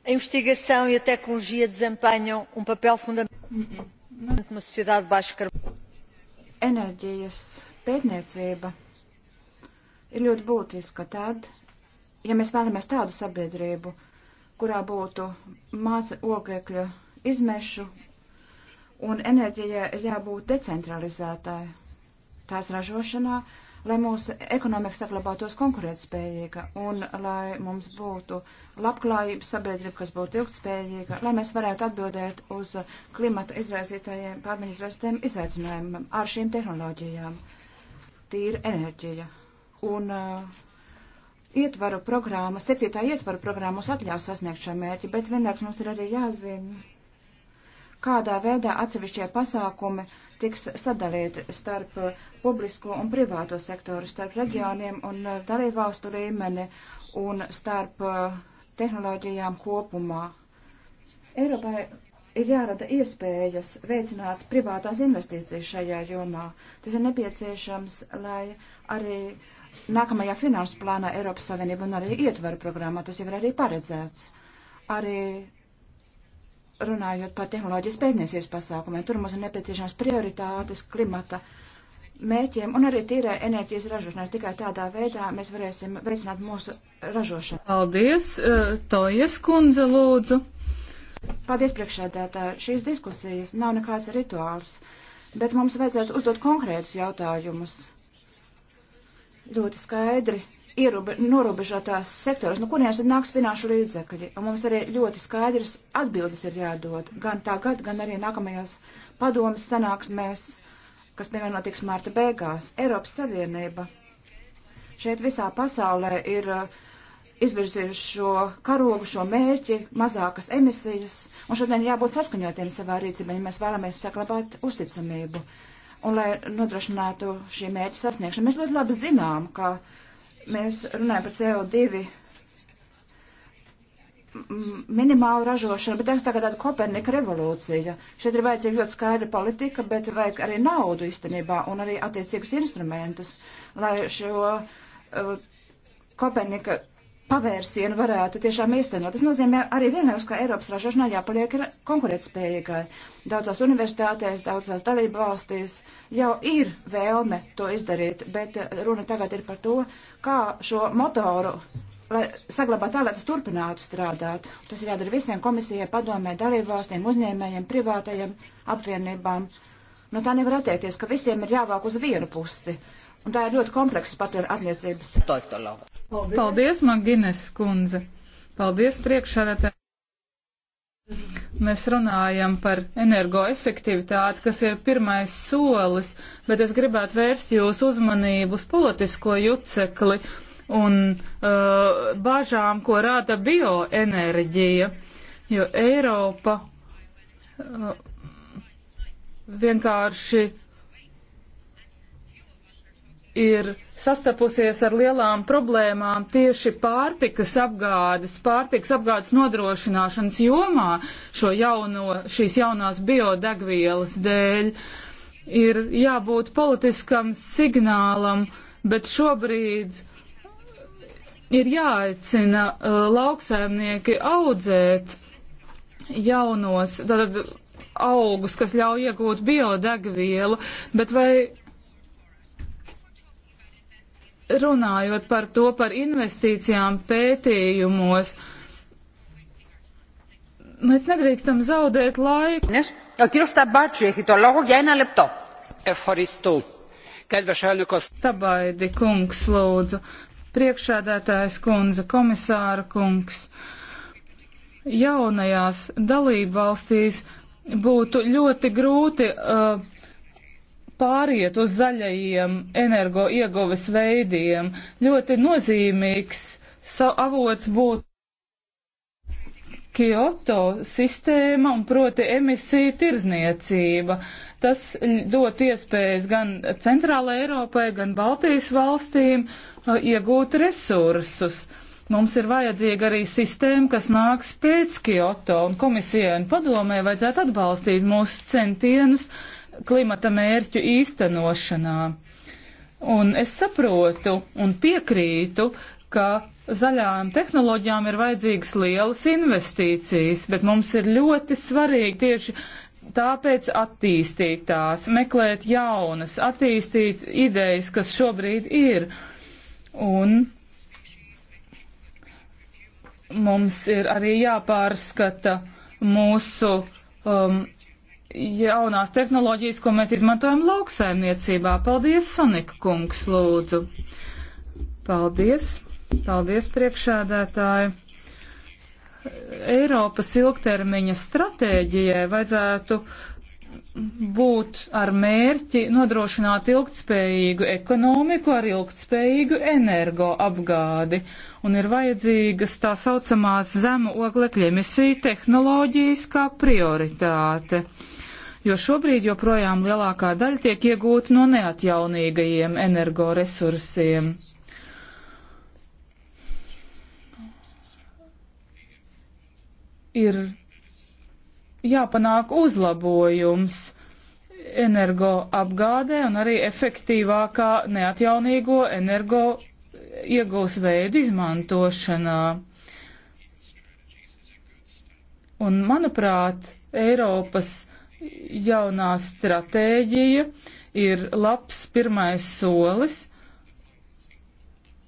A investigação e a tecnologia desempenham um papel fundamental numa sociedade de baixo carbono. Enerģijas Pētniecība ir ļoti būtiska tad, ja mēs vēlamies tādu sabiedrību, kurā būtu māsa ogrekļa izmešu un enerģija ir jābūt decentralizētāji tās ražošanā, lai mūsu ekonomika saglabātos konkurētspējīga un lai mums būtu labklājības sabiedrība, kas būtu ilgspējīga, lai mēs varētu atbildēt uz klimata izraisītajiem, pārmaiņas izraisītajiem izaicinājumiem ar šīm tehnoloģijām tīra enerģija. Un uh, ietvaru programma, septītā ietvaru programma mums atļaus sasniegt šo mērķi, bet vienlaiks mums ir arī jāzina, kādā veidā atsevišķie pasākumi tiks sadalīti starp uh, publisko un privāto sektoru, starp reģioniem un uh, dalībvalstu līmeni un starp uh, tehnoloģijām kopumā. Eiropai ir jārada iespējas veicināt privātās investīcijas šajā jomā. Tas ir nepieciešams, lai arī nākamajā finanšu plānā Eiropas Savienība un arī ietvaru programmā tas jau ir arī paredzēts. Arī runājot par tehnoloģijas pētniecības pasākumiem, tur mums ir nepieciešams prioritātes klimata mērķiem un arī tīrai enerģijas ražošanai. Tikai tādā veidā mēs varēsim veicināt mūsu ražošanu. Paldies, eh, Tojas kundze lūdzu. Paldies, priekšsēdētāji. Šīs diskusijas nav nekāds rituāls, bet mums vajadzētu uzdot konkrētus jautājumus. Ļoti skaidri ierobe, norobežotās sektoros, no nu, kurienes tad nāks finanšu līdzekļi. Un mums arī ļoti skaidrs atbildes ir jādod gan tagad, gan arī nākamajās padomas sanāksmēs, kas, piemēram, notiks mārta beigās. Eiropas Savienība šeit visā pasaulē ir uh, izvirzījuši šo karogu, šo mērķi, mazākas emisijas, un šodien jābūt saskaņotiem savā rīcībā, ja mēs vēlamies saglabāt uzticamību. Un, lai nodrošinātu šī mērķa sasniegšanu, mēs ļoti labi zinām, ka mēs runājam par CO2 minimālu ražošanu, bet tas tagad tāda Kopernika revolūcija. Šeit ir vajadzīga ļoti skaidra politika, bet vajag arī naudu īstenībā un arī attiecīgus instrumentus, lai šo uh, Kopernika pavērsienu varētu tiešām īstenot. Tas nozīmē arī vienlaikus, ka Eiropas ražošanā jāpaliek konkurētspējīgai. Daudzās universitātēs, daudzās dalību valstīs jau ir vēlme to izdarīt, bet runa tagad ir par to, kā šo motoru lai saglabāt tā, lai tas turpinātu strādāt. Tas ir jādara visiem komisijai, padomē, dalību valstīm, uzņēmējiem, privātajiem apvienībām. No nu, tā nevar attiekties, ka visiem ir jāvāk uz vienu pusi. Un tā ir ļoti kompleksa patēra attiecības. Toitolova. Paldies, Paldies Magines kundze. Paldies priekšsēdētājai. Mēs runājam par energoefektivitāti, kas ir pirmais solis, bet es gribētu vērst jūsu uzmanību uz politisko jucekli un uh, bažām, ko rāda bioenerģija, jo Eiropa uh, vienkārši ir sastapusies ar lielām problēmām tieši pārtikas apgādes, pārtikas apgādes nodrošināšanas jomā šo jauno, šīs jaunās biodegvielas dēļ, ir jābūt politiskam signālam, bet šobrīd ir jāaicina uh, lauksaimnieki audzēt jaunos, tātad augus, kas ļauj iegūt biodegvielu, bet vai runājot par to, par investīcijām pētījumos, mēs nedrīkstam zaudēt laiku. Tabaidi kungs, lūdzu, priekšādētājs kundze, komisāra kungs. Jaunajās dalībvalstīs būtu ļoti grūti uh, pāriet uz zaļajiem energoieguves veidiem. Ļoti nozīmīgs avots būtu Kyoto sistēma un proti emisiju tirzniecība. Tas dot iespējas gan Centrāla Eiropai, gan Baltijas valstīm uh, iegūt resursus. Mums ir vajadzīga arī sistēma, kas nāks pēc Kyoto, un komisijai un padomē vajadzētu atbalstīt mūsu centienus klimata mērķu īstenošanā. Un es saprotu un piekrītu, ka zaļām tehnoloģijām ir vajadzīgas lielas investīcijas, bet mums ir ļoti svarīgi tieši tāpēc attīstīt tās, meklēt jaunas, attīstīt idejas, kas šobrīd ir. Un mums ir arī jāpārskata mūsu um, jaunās tehnoloģijas, ko mēs izmantojam lauksaimniecībā. Paldies, Sonika kungs, lūdzu. Paldies. Paldies, priekšēdētāji. Eiropas ilgtermiņa stratēģijai vajadzētu būt ar mērķi nodrošināt ilgtspējīgu ekonomiku ar ilgtspējīgu energoapgādi un ir vajadzīgas tā saucamās zemu oglekļu emisiju tehnoloģijas kā prioritāte. Uh, jo šobrīd joprojām lielākā daļa tiek iegūta no neatjaunīgajiem energoresursiem. Ir jāpanāk uzlabojums energoapgādē un arī efektīvākā neatjaunīgo energo iegūs veidu izmantošanā. Un, manuprāt, Eiropas jaunā stratēģija ir labs pirmais solis,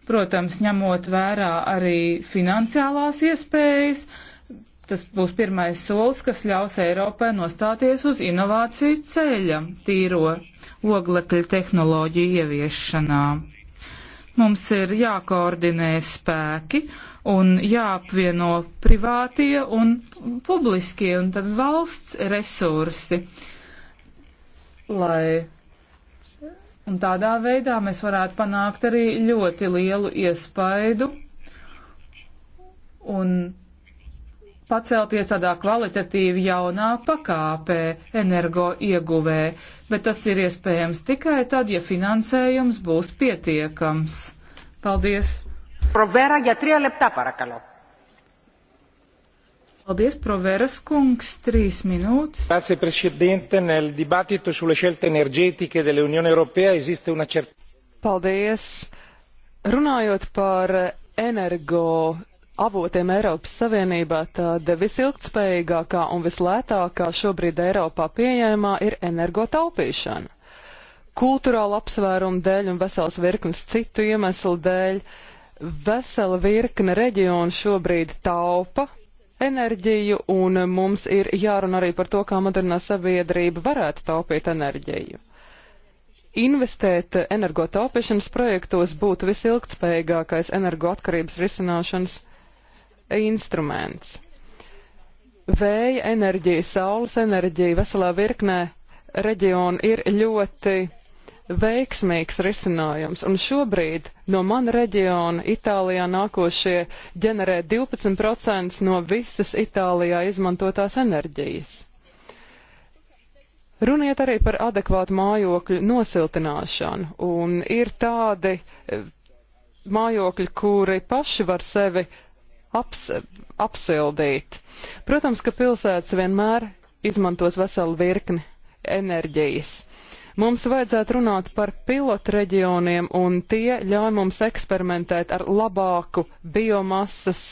protams, ņemot vērā arī finansiālās iespējas. Tas būs pirmais solis, kas ļaus Eiropai nostāties uz inovāciju ceļa tīro oglekļa tehnoloģiju ieviešanā. Mums ir jākoordinē spēki, un jāapvieno privātie un publiskie un tad valsts resursi, lai. Un tādā veidā mēs varētu panākt arī ļoti lielu iespaidu un pacelties tādā kvalitatīvi jaunā pakāpē energo ieguvē, bet tas ir iespējams tikai tad, ja finansējums būs pietiekams. Paldies! Provera, ja trija leptā parakalo. Paldies, Proveras kungs, trīs minūtes. Grazie, Presidente. Nel dibattito sulle scelte energetiche dell'Unione Europea esiste una certezza. Paldies. Runājot par energo avotiem Eiropas Savienībā, tad visilgtspējīgākā un vislētākā šobrīd Eiropā pieejamā ir energotaupīšana. Kultūrāla apsvēruma dēļ un vesels virknes citu iemeslu dēļ Vesela virkne reģionu šobrīd taupa enerģiju, un mums ir jārunā arī par to, kā modernā sabiedrība varētu taupīt enerģiju. Investēt energotaupīšanas projektos būtu visilgtspējīgākais energoatkarības risināšanas instruments. Vēja enerģija, saules enerģija veselā virknē reģionu ir ļoti veiksmīgs risinājums, un šobrīd no mana reģiona Itālijā nākošie ģenerē 12% no visas Itālijā izmantotās enerģijas. Runiet arī par adekvātu mājokļu nosiltināšanu, un ir tādi eh, mājokļi, kuri paši var sevi aps, apsildīt. Protams, ka pilsētas vienmēr izmantos veselu virkni enerģijas. Mums vajadzētu runāt par pilotreģioniem, un tie ļauj mums eksperimentēt ar labāku biomasas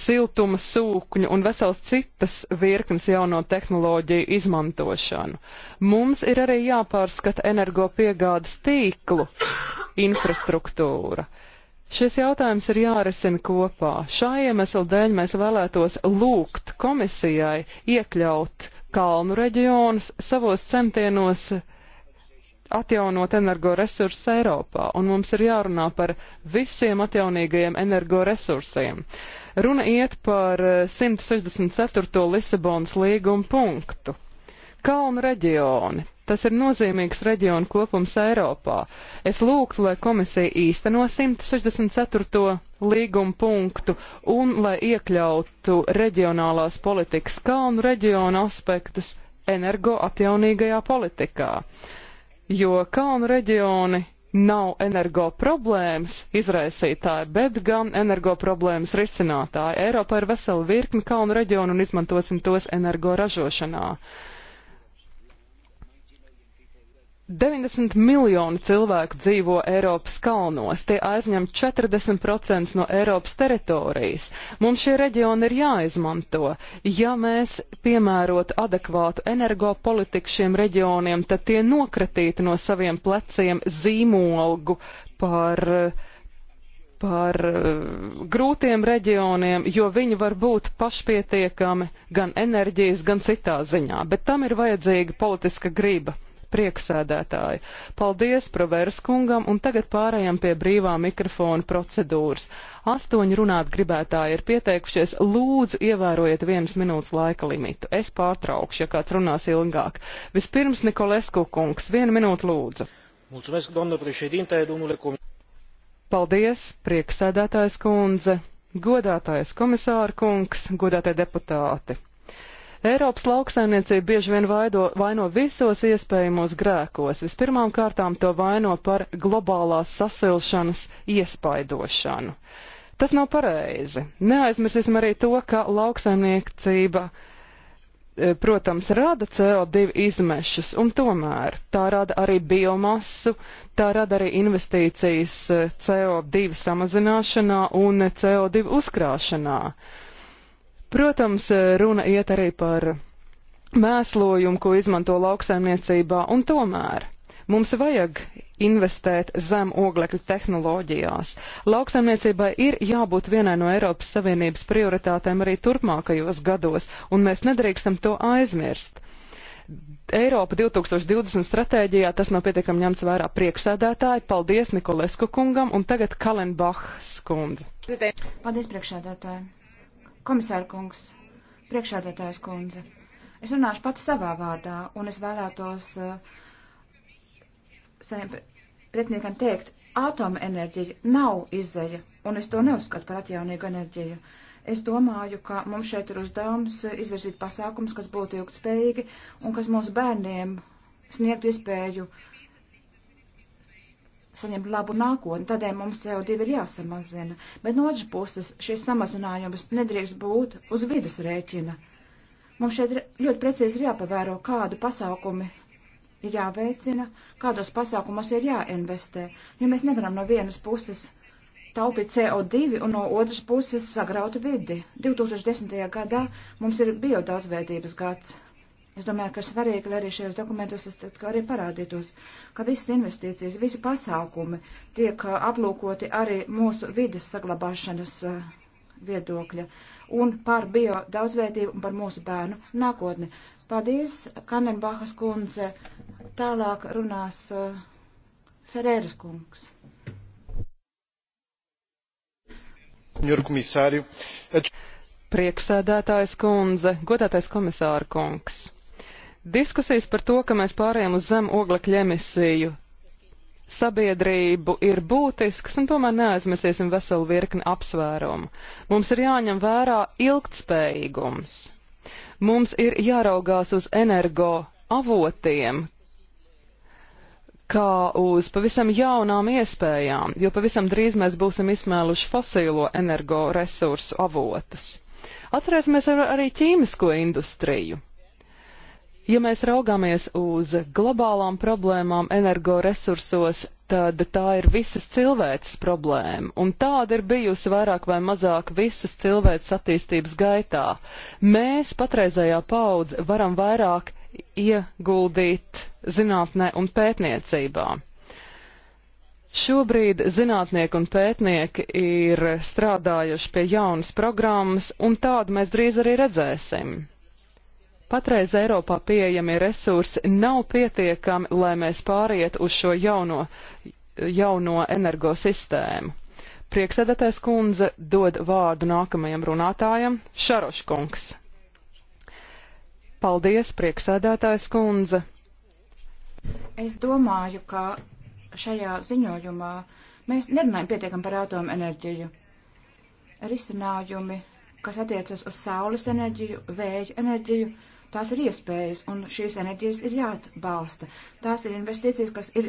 siltuma sūkņu un vesels citas virknes jauno tehnoloģiju izmantošanu. Mums ir arī jāpārskata energopiegādes tīklu infrastruktūra. Šis jautājums ir jārisina kopā. Šā iemesla dēļ mēs vēlētos lūgt komisijai iekļaut kalnu reģionus savos centienos uh, atjaunot energoresursus Eiropā, un mums ir jārunā par visiem atjaunīgajiem energoresursiem. Runa iet par 164. Eh, Lisabonas līguma punktu. Kalnu reģioni. Tas ir nozīmīgs reģionu kopums Eiropā. Es lūgtu, lai komisija īsteno 164. līguma punktu un lai iekļautu reģionālās politikas kalnu reģionu aspektus energo atjaunīgajā politikā. Uh, jo kalnu reģioni nav energo problēmas izraisītāji, bet gan energo problēmas risinātāji. Eiropā ir vesela virkni kalnu reģionu un izmantosim tos energo ražošanā. Uh, 90 miljoni cilvēku dzīvo Eiropas kalnos, tie aizņem 40% no Eiropas teritorijas. Mums šie reģioni ir jāizmanto. Ja mēs piemērotu adekvātu energopolitiku šiem reģioniem, tad tie nokratītu no saviem pleciem zīmolgu par uh, par uh, grūtiem reģioniem, jo viņi var būt pašpietiekami gan enerģijas, gan citā ziņā, bet tam ir vajadzīga politiska griba prieksēdētāji. Paldies Proverskungam, un tagad pārējām pie brīvā mikrofona procedūras. Astoņi runāt gribētāji ir pieteikušies, lūdzu ievērojiet vienas minūtes laika limitu. Es pārtraukšu, ja kāds runās ilgāk. Vispirms Nikolesku kungs, vienu minūtu lūdzu. Mulțumesc, doamnă președinte, domnule comisar. Paldies, prieksēdētājs kundze, godātājs komisāra kungs, godātie deputāti. Eiropas lauksaimniecība bieži vien vaido, vaino visos iespējamos grēkos. Vispirmām kārtām to vaino par globālās sasilšanas iespaidošanu. Tas nav pareizi. Neaizmirsīsim arī to, ka lauksaimniecība, e, protams, rada CO2 izmešus, un tomēr tā rada arī biomasu, tā rada arī investīcijas e, CO2 samazināšanā un CO2 uzkrāšanā. Uh, Protams, eh, runa iet arī par mēslojumu, ko izmanto lauksaimniecībā, un tomēr mums vajag investēt zem oglekļa tehnoloģijās. Lauksaimniecībai ir jābūt vienai no Eiropas Savienības prioritātēm arī turpmākajos gados, un mēs nedrīkstam to aizmirst. Eiropa 2020 stratēģijā tas nav pietiekami ņemts vērā priekšsēdētāji. Paldies Nikolesku kungam un tagad Kalenbachs kundze. Paldies priekšsēdētāji. Komisāra kungs, priekšādātājs kundze, es runāšu pati savā vārdā, un es vēlētos uh, saviem pretiniekam teikt, ātoma enerģija nav izēja, un es to neuzskatu par atjaunīgu enerģiju. Es domāju, ka mums šeit ir uzdevums izvirzīt pasākums, kas būtu ilgspējīgi un kas mūsu bērniem sniegtu iespēju uh, saņemt labu nākotni, tādēļ mums CO2 ir jāsamazina. Bet no otras puses šis samazinājums nedrīkst būt uz vidas rēķina. Mums šeit ļoti precīzi ir jāpavēro, kādu pasākumi ir jāveicina, kādos pasākumos ir jāinvestē, jo mēs nevaram no vienas puses taupīt CO2 un no otras puses sagraut vidi. 2010. gadā mums ir biodaudzveidības gads Es domāju, ka svarīgi, lai arī šajos dokumentos tas arī parādītos, ka visas investīcijas, visi pasākumi tiek uh, aplūkoti arī mūsu vides saglabāšanas uh, viedokļa un par bio daudzveidību un par mūsu bērnu nākotni. Paldies, Kanenbahas kundze. Tālāk runās uh, Ferēras kungs. Priekšsēdētājs kundze, godātais komisāra kungs. Diskusijas par to, ka mēs pārējām uz zem oglekļa emisiju sabiedrību ir būtisks, un tomēr neaizmirsīsim veselu virkni apsvērumu. Mums ir jāņem vērā ilgtspējīgums. Mums ir jāraugās uz energo avotiem, kā uz pavisam jaunām iespējām, jo pavisam drīz mēs būsim izsmēluši fosīlo energo resursu avotus. Atcerēsimies ar, arī ķīmisko industriju. Ja mēs raugāmies uz globālām problēmām energoresursos, tad tā ir visas cilvēces problēma, un tāda ir bijusi vairāk vai mazāk visas cilvēces attīstības gaitā. Mēs patreizējā paudze varam vairāk ieguldīt zinātnē un pētniecībā. Šobrīd zinātnieki un pētnieki ir strādājuši pie jaunas programmas, un tādu mēs drīz arī redzēsim. Patreiz Eiropā pieejamie resursi nav pietiekami, lai mēs pārietu uz šo jauno, jauno energosistēmu. Prieksēdētais kundze dod vārdu nākamajam runātājam - Šaroškungs. Paldies, prieksēdētājs kundze. Es domāju, ka šajā ziņojumā mēs nerunājam pietiekam par atomenerģiju. Risinājumi kas attiecas uz saules enerģiju, vēja enerģiju, Tās ir iespējas, un šīs enerģijas ir jāatbalsta. Tās ir investīcijas, kas, ir,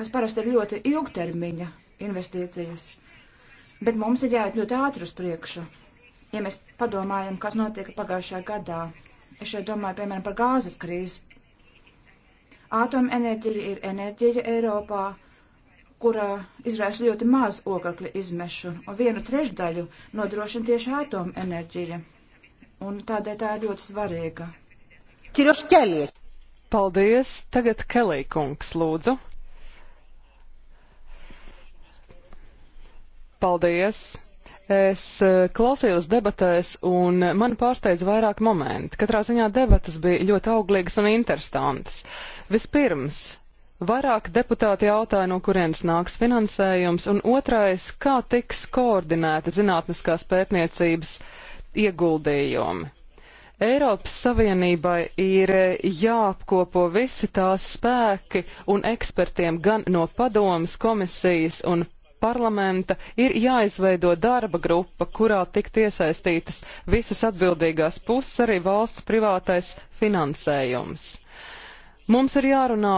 kas parasti ir ļoti ilgtermiņa investīcijas. Bet mums ir jāiet ļoti ātri uz priekšu. Ja mēs padomājam, kas notika pagājušajā gadā, es šeit domāju, piemēram, par gāzes krīzi. Atomenerģija ir enerģija Eiropā, kura izraisa ļoti maz ogakļa izmešu, un vienu trešdaļu nodrošina tieši atomenerģija un tādēļ tā ir ļoti svarīga. Kiroš Kelly. Paldies. Tagad Kelly kungs, lūdzu. Paldies. Es eh, klausījos debatēs, un man pārsteidz vairāk momenti. Katrā ziņā debatas bija ļoti auglīgas un interesantas. Vispirms, vairāk deputāti jautāja, no kurienes nāks finansējums, un otrais, kā tiks koordinēta zinātniskās pētniecības uh, ieguldījumi. Eiropas Savienībai ir jāapkopo visi tās spēki un ekspertiem gan no padomas, komisijas un parlamenta ir jāizveido darba grupa, kurā tikt iesaistītas visas atbildīgās puses, arī valsts privātais finansējums. Mums ir jārunā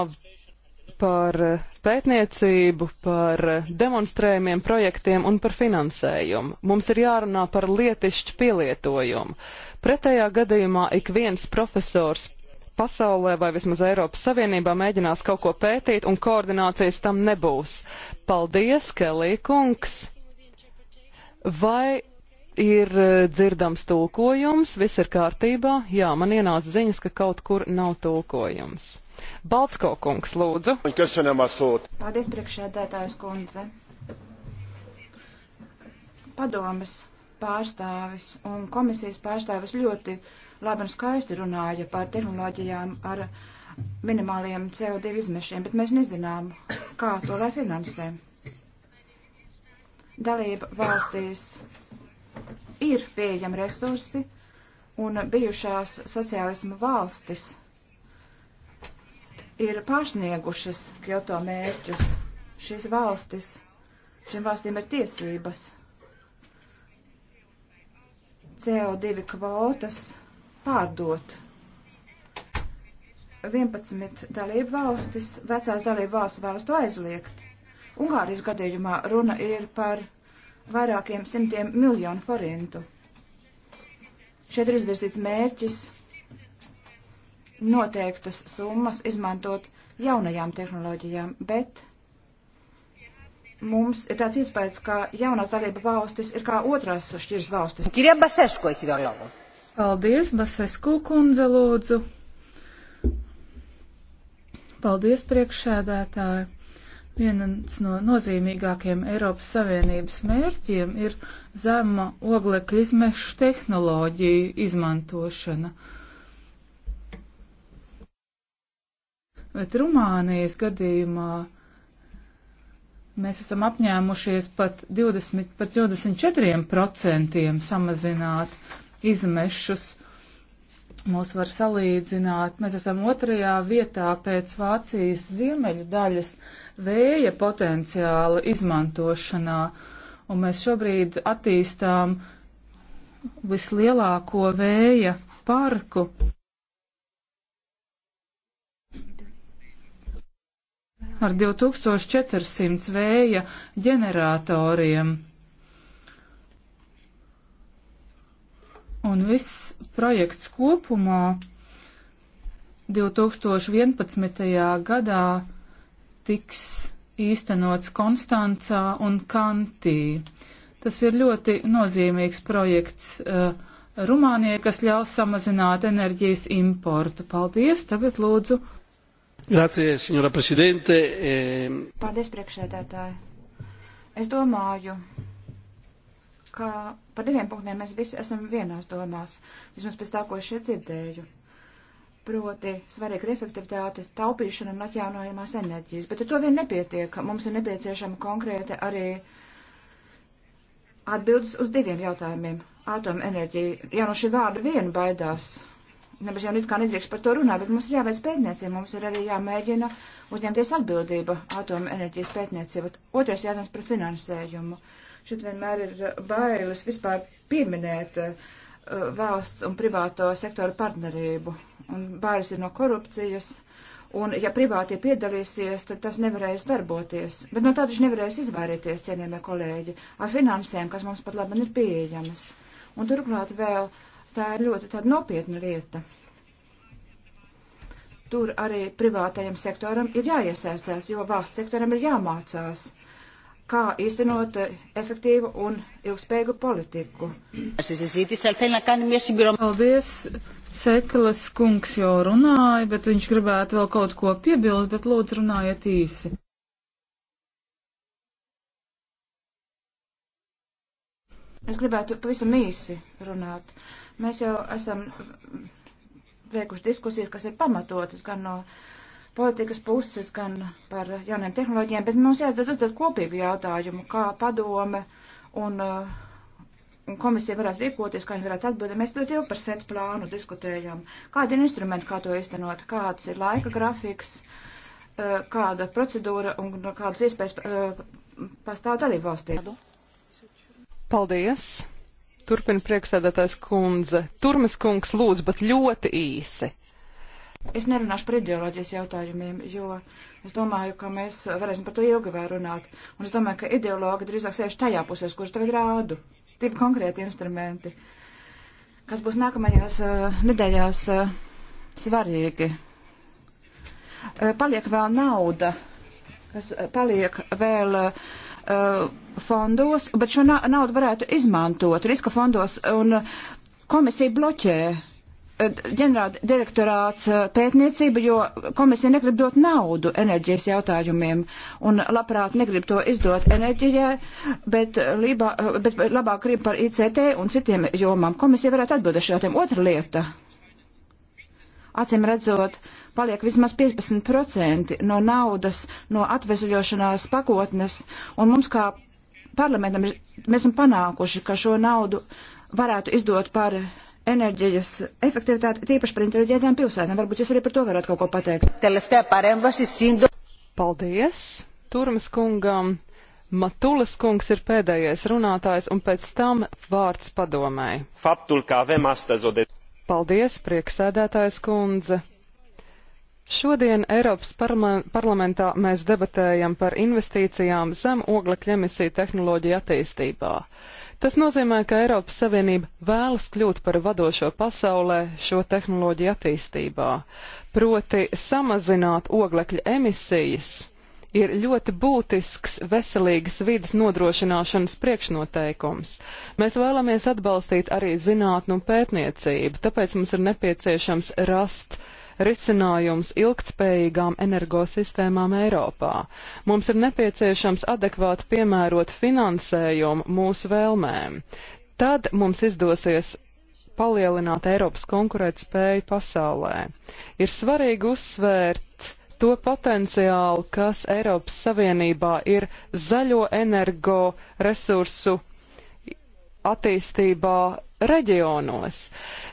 par eh, pētniecību, par eh, demonstrējumiem projektiem un par finansējumu. Mums ir jārunā par lietišķu pielietojumu. Pretējā gadījumā ik viens profesors pasaulē vai vismaz Eiropas Savienībā mēģinās kaut ko pētīt un koordinācijas tam nebūs. Paldies, Kelī kungs! Vai ir eh, dzirdams tulkojums? Viss ir kārtībā? Jā, man ienāca ziņas, ka kaut kur nav tulkojums. Baltsko kungs, lūdzu. Paldies, priekšēdētājs kundze. Padomas pārstāvis un komisijas pārstāvis ļoti labi un skaisti runāja par tehnoloģijām ar minimāliem CO2 izmešiem, bet mēs nezinām, kā to lai finansē. Dalība valstīs ir pieejami resursi un bijušās sociālismu valstis ir pārsniegušas Kyoto mērķus. Šīs valstis, šīm valstīm ir tiesības CO2 kvotas pārdot. 11 dalību valstis, vecās dalību valsts vēlas to aizliegt. Ungārijas gadījumā runa ir par vairākiem simtiem miljonu forintu. Šeit ir izvirzīts mērķis noteiktas summas izmantot jaunajām tehnoloģijām, bet mums ir tāds iespējas, ka jaunās dalība valstis ir kā otrās šķiras valstis. Paldies, Basesku kundze, lūdzu. Paldies, priekšsēdētāji. Viens no nozīmīgākiem Eiropas Savienības mērķiem ir zema oglekļa izmešu tehnoloģiju izmantošana. Uh, Bet Rumānijas gadījumā mēs esam apņēmušies pat, 20, pat 24% samazināt izmešus. Mūs var salīdzināt, mēs esam otrajā vietā pēc Vācijas ziemeļu daļas vēja potenciāla izmantošanā, un mēs šobrīd attīstām vislielāko vēja parku ar 2400 vēja ģeneratoriem. Un viss projekts kopumā 2011. gadā tiks īstenots Konstancā un Kantī. Tas ir ļoti nozīmīgs projekts uh, Rumānijai, kas ļaus samazināt enerģijas importu. Paldies! Tagad lūdzu Grazie, signora Presidente. E Paldies, priekšsēdētāji. Es domāju, ka par diviem punktiem mēs visi esam vienās domās, vismaz pēc tā, ko es šeit dzirdēju. Proti, svarīga ir efektivitāte, taupīšana un atjaunojamās enerģijas. Bet ar to vien nepietiek. Mums ir nepieciešama konkrēta arī atbildes uz diviem jautājumiem. Atomenerģija, ja no šī vārda vien baidās Nemaz jau it kā nedrīkst par to runāt, bet mums ir jāveic pētniecība, mums ir arī jāmēģina uzņemties atbildība atomenerģijas pētniecība. Otrais jautājums par finansējumu. Šit vienmēr ir bailes vispār pieminēt uh, valsts un privāto sektoru partnerību. Un bailes ir no korupcijas. Un, ja privātie piedalīsies, tad tas nevarēs darboties. Bet no tā taču nevarēs izvairīties, cienījamie kolēģi, ar finansēm, kas mums pat labi ir pieejamas. Un turklāt vēl Tā ir ļoti tāda nopietna lieta. Tur arī privātajam sektoram ir jāiesaistās, jo valsts sektoram ir jāmācās, kā īstenot efektīvu un ilgspējīgu politiku. Paldies! Sekeles kungs jau runāja, bet viņš gribētu vēl kaut ko piebilst, bet lūdzu runājiet īsi. Es gribētu pavisam īsi runāt. Mēs jau esam veikuši diskusijas, kas ir pamatotas gan no politikas puses, gan par jauniem tehnoloģiem, bet mums jāatdod tad kopīgu jautājumu, kā padome un, uh, un komisija varētu rīkoties, kā viņi varētu atbildēt. Mēs ļoti ilgi par set plānu diskutējām. Kādi ir instrumenti, kā to iztenot, kāds ir laika grafiks, uh, kāda procedūra un kādas iespējas uh, pastāv dalību valstī. Paldies! Turpina priekšsēdētājs kundze. Turmes kungs lūdzu, bet ļoti īsi. Es nerunāšu par ideoloģijas jautājumiem, jo es domāju, ka mēs varēsim par to ilgi vēl runāt. Un es domāju, ka ideologi drīzāk sēž tajā pusē, kurš tagad rādu. Tie ir konkrēti instrumenti, kas būs nākamajās uh, nedēļās uh, svarīgi. Uh, paliek vēl nauda. Uh, kas eh, paliek vēl uh, fondos, bet šo na naudu varētu izmantot riska fondos, un eh, komisija bloķē ģenerāla direktorāts pētniecība, jo komisija negrib dot naudu enerģijas jautājumiem un labprāt negrib to izdot enerģijai, bet, lībā, bet labāk grib par ICT un citiem jomām. Komisija varētu atbildēt šādiem. Otra lieta acīm redzot, paliek vismaz 15% no naudas, no atvesaļošanās pakotnes, un mums kā parlamentam mēs esam panākuši, ka šo naudu varētu izdot par enerģijas efektivitāti, tīpaši par inteliģentiem pilsētām. Varbūt jūs arī par to varētu kaut ko pateikt. Paldies Turmas kungam. Matulas kungs ir pēdējais runātājs un pēc tam vārds padomēji. Faptul, ka avem astăzi o Paldies, prieksēdētājs kundze! Šodien Eiropas parlamentā mēs debatējam par investīcijām zem oglekļa emisiju tehnoloģiju attīstībā. Tas nozīmē, ka Eiropas Savienība vēlas kļūt par vadošo pasaulē šo tehnoloģiju attīstībā, proti samazināt oglekļa emisijas ir ļoti būtisks veselīgas vidas nodrošināšanas priekšnoteikums. Mēs vēlamies atbalstīt arī zinātnu un pētniecību, tāpēc mums ir nepieciešams rast risinājums ilgtspējīgām energosistēmām Eiropā. Mums ir nepieciešams adekvāti piemērot finansējumu mūsu vēlmēm. Tad mums izdosies palielināt Eiropas konkurētspēju pasaulē. Ir svarīgi uzsvērt, to potenciālu, kas Eiropas Savienībā ir zaļo energo resursu attīstībā reģionos.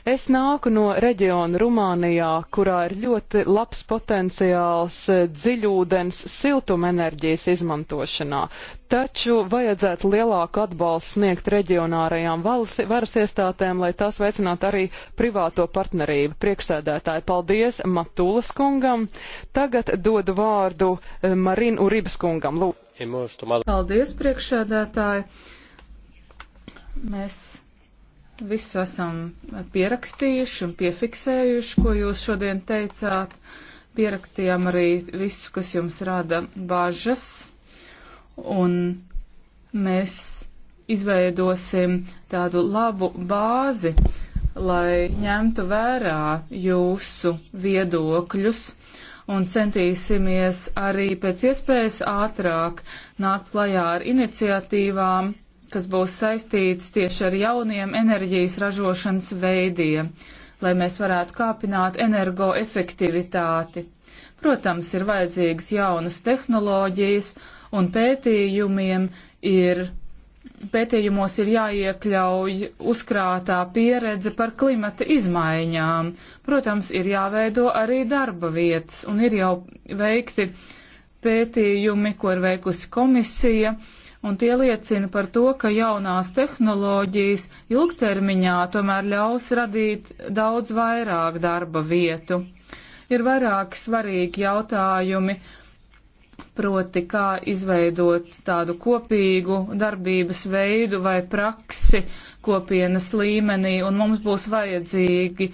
Es nāku no reģiona Rumānijā, kurā ir ļoti labs potenciāls dziļūdens siltumenerģijas izmantošanā, taču vajadzētu lielāku atbalstu sniegt reģionārajām varas iestātēm, lai tās veicinātu arī privāto partnerību. Priekšsēdētāji, paldies Matūlas kungam. Tagad dodu vārdu eh, Marinu Uribas kungam. Lūd. Paldies, priekšsēdētāji. Mēs Visu esam pierakstījuši un piefiksējuši, ko jūs šodien teicāt. Pierakstījām arī visu, kas jums rada bažas. Un mēs izveidosim tādu labu bāzi, lai ņemtu vērā jūsu viedokļus un centīsimies arī pēc iespējas ātrāk nākt klajā ar iniciatīvām, kas būs saistīts tieši ar jauniem enerģijas ražošanas veidiem, lai mēs varētu kāpināt energoefektivitāti. Protams, ir vajadzīgas jaunas tehnoloģijas un pētījumiem ir, pētījumos ir jāiekļauj uzkrātā pieredze par klimata izmaiņām. Protams, ir jāveido arī darba vietas un ir jau veikti pētījumi, ko ir veikusi komisija. Uh, un tie liecina par to, ka jaunās tehnoloģijas ilgtermiņā tomēr ļaus radīt daudz vairāk darba vietu. Ir vairāk svarīgi jautājumi, proti kā izveidot tādu kopīgu darbības veidu vai praksi kopienas līmenī, un mums būs vajadzīgi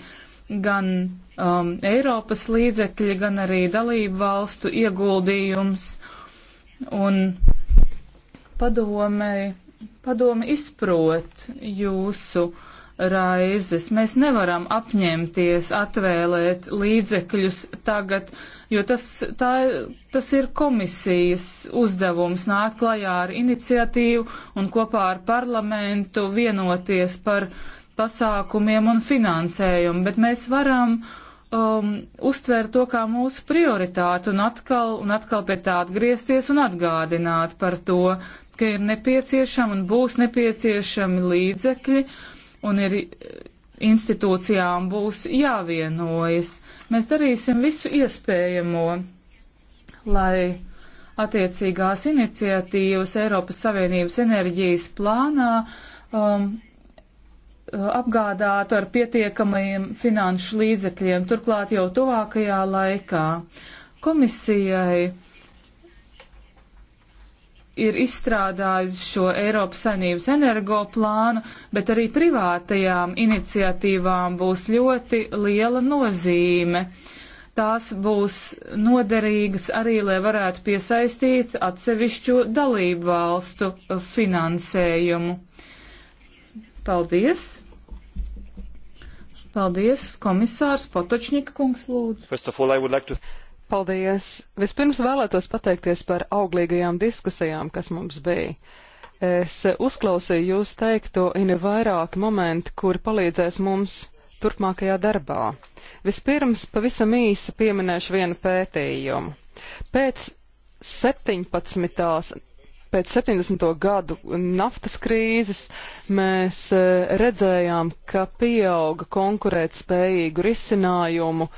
gan um, Eiropas līdzekļi, gan arī dalību valstu ieguldījums. Un padomēji, padomi izprot jūsu raizes. Mēs nevaram apņemties atvēlēt līdzekļus tagad, jo tas, tā, tas ir komisijas uzdevums nākt klajā ar iniciatīvu un kopā ar parlamentu vienoties par pasākumiem un finansējumu, bet mēs varam um, uztvērt to kā mūsu prioritātu un atkal, un atkal pie tā atgriezties un atgādināt par to ka ir nepieciešami un būs nepieciešami līdzekļi un ir eh, institūcijām būs jāvienojas. Mēs darīsim visu iespējamo, lai attiecīgās iniciatīvas Eiropas Savienības enerģijas plānā um, apgādātu ar pietiekamajiem finanšu līdzekļiem, turklāt jau tuvākajā laikā. Komisijai ir izstrādājusi šo Eiropas saimnības energo plānu, bet arī privātajām iniciatīvām būs ļoti liela nozīme. Tās būs noderīgas arī, lai varētu piesaistīt atsevišķu dalību valstu finansējumu. Paldies! Paldies, komisārs Potočņika kungs, lūdzu. Paldies! Vispirms vēlētos pateikties par auglīgajām diskusijām, kas mums bija. Es uzklausīju jūs teikto, ir vairāk momenti, kur palīdzēs mums turpmākajā darbā. Vispirms pavisam īsi pieminēšu vienu pētījumu. Pēc 17 pēc 70. gadu naftas krīzes mēs eh, redzējām, ka pieauga konkurētspējīgu risinājumu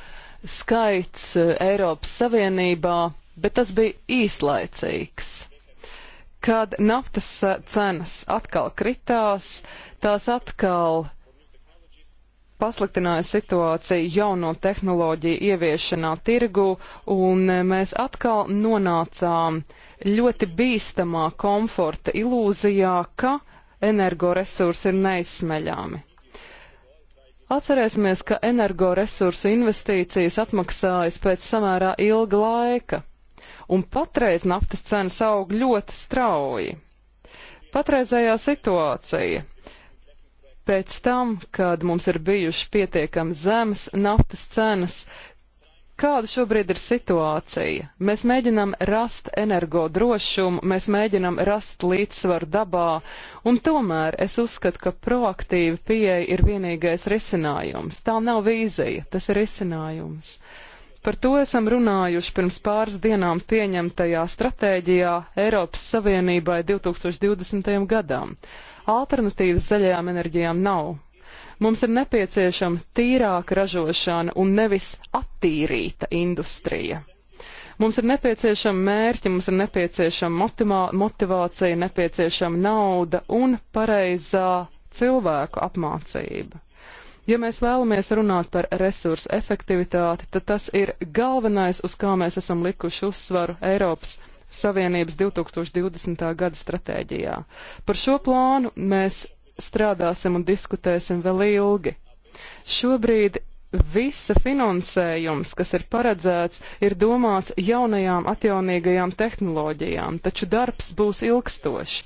skaits eh, Eiropas Savienībā, bet tas bija īslaicīgs. Kad naftas eh, cenas atkal kritās, tās atkal pasliktināja situāciju jauno tehnoloģiju ieviešanā tirgu, un eh, mēs atkal nonācām ļoti bīstamā komforta ilūzijā, ka energoresursi ir neizsmeļami. Atcerēsimies, ka energoresursu investīcijas atmaksājas pēc samērā ilga laika, un patreiz naftas cenas aug ļoti strauji. Patreizējā situācija pēc tam, kad mums ir bijuši pietiekami zemes naftas cenas, Kāda šobrīd ir situācija? Mēs mēģinām rast energodrošumu, mēs mēģinām rast līdzsvaru dabā, un tomēr es uzskatu, ka proaktīva pieeja ir vienīgais risinājums. Tā nav vīzija, tas ir risinājums. Par to esam runājuši pirms pāris dienām pieņemtajā stratēģijā Eiropas Savienībai 2020. gadam. Alternatīvas zaļajām enerģijām nav, Mums ir nepieciešama tīrāka ražošana un nevis attīrīta industrija. Mums ir nepieciešama mērķi, mums ir nepieciešama motivā, motivācija, nepieciešama nauda un pareizā cilvēku apmācība. Ja mēs vēlamies runāt par resursu efektivitāti, tad tas ir galvenais, uz kā mēs esam likuši uzsvaru Eiropas Savienības 2020. gada stratēģijā. Par šo plānu mēs strādāsim un diskutēsim vēl ilgi. Šobrīd visa finansējums, kas ir paredzēts, ir domāts jaunajām atjaunīgajām tehnoloģijām, taču darbs būs ilgstošs.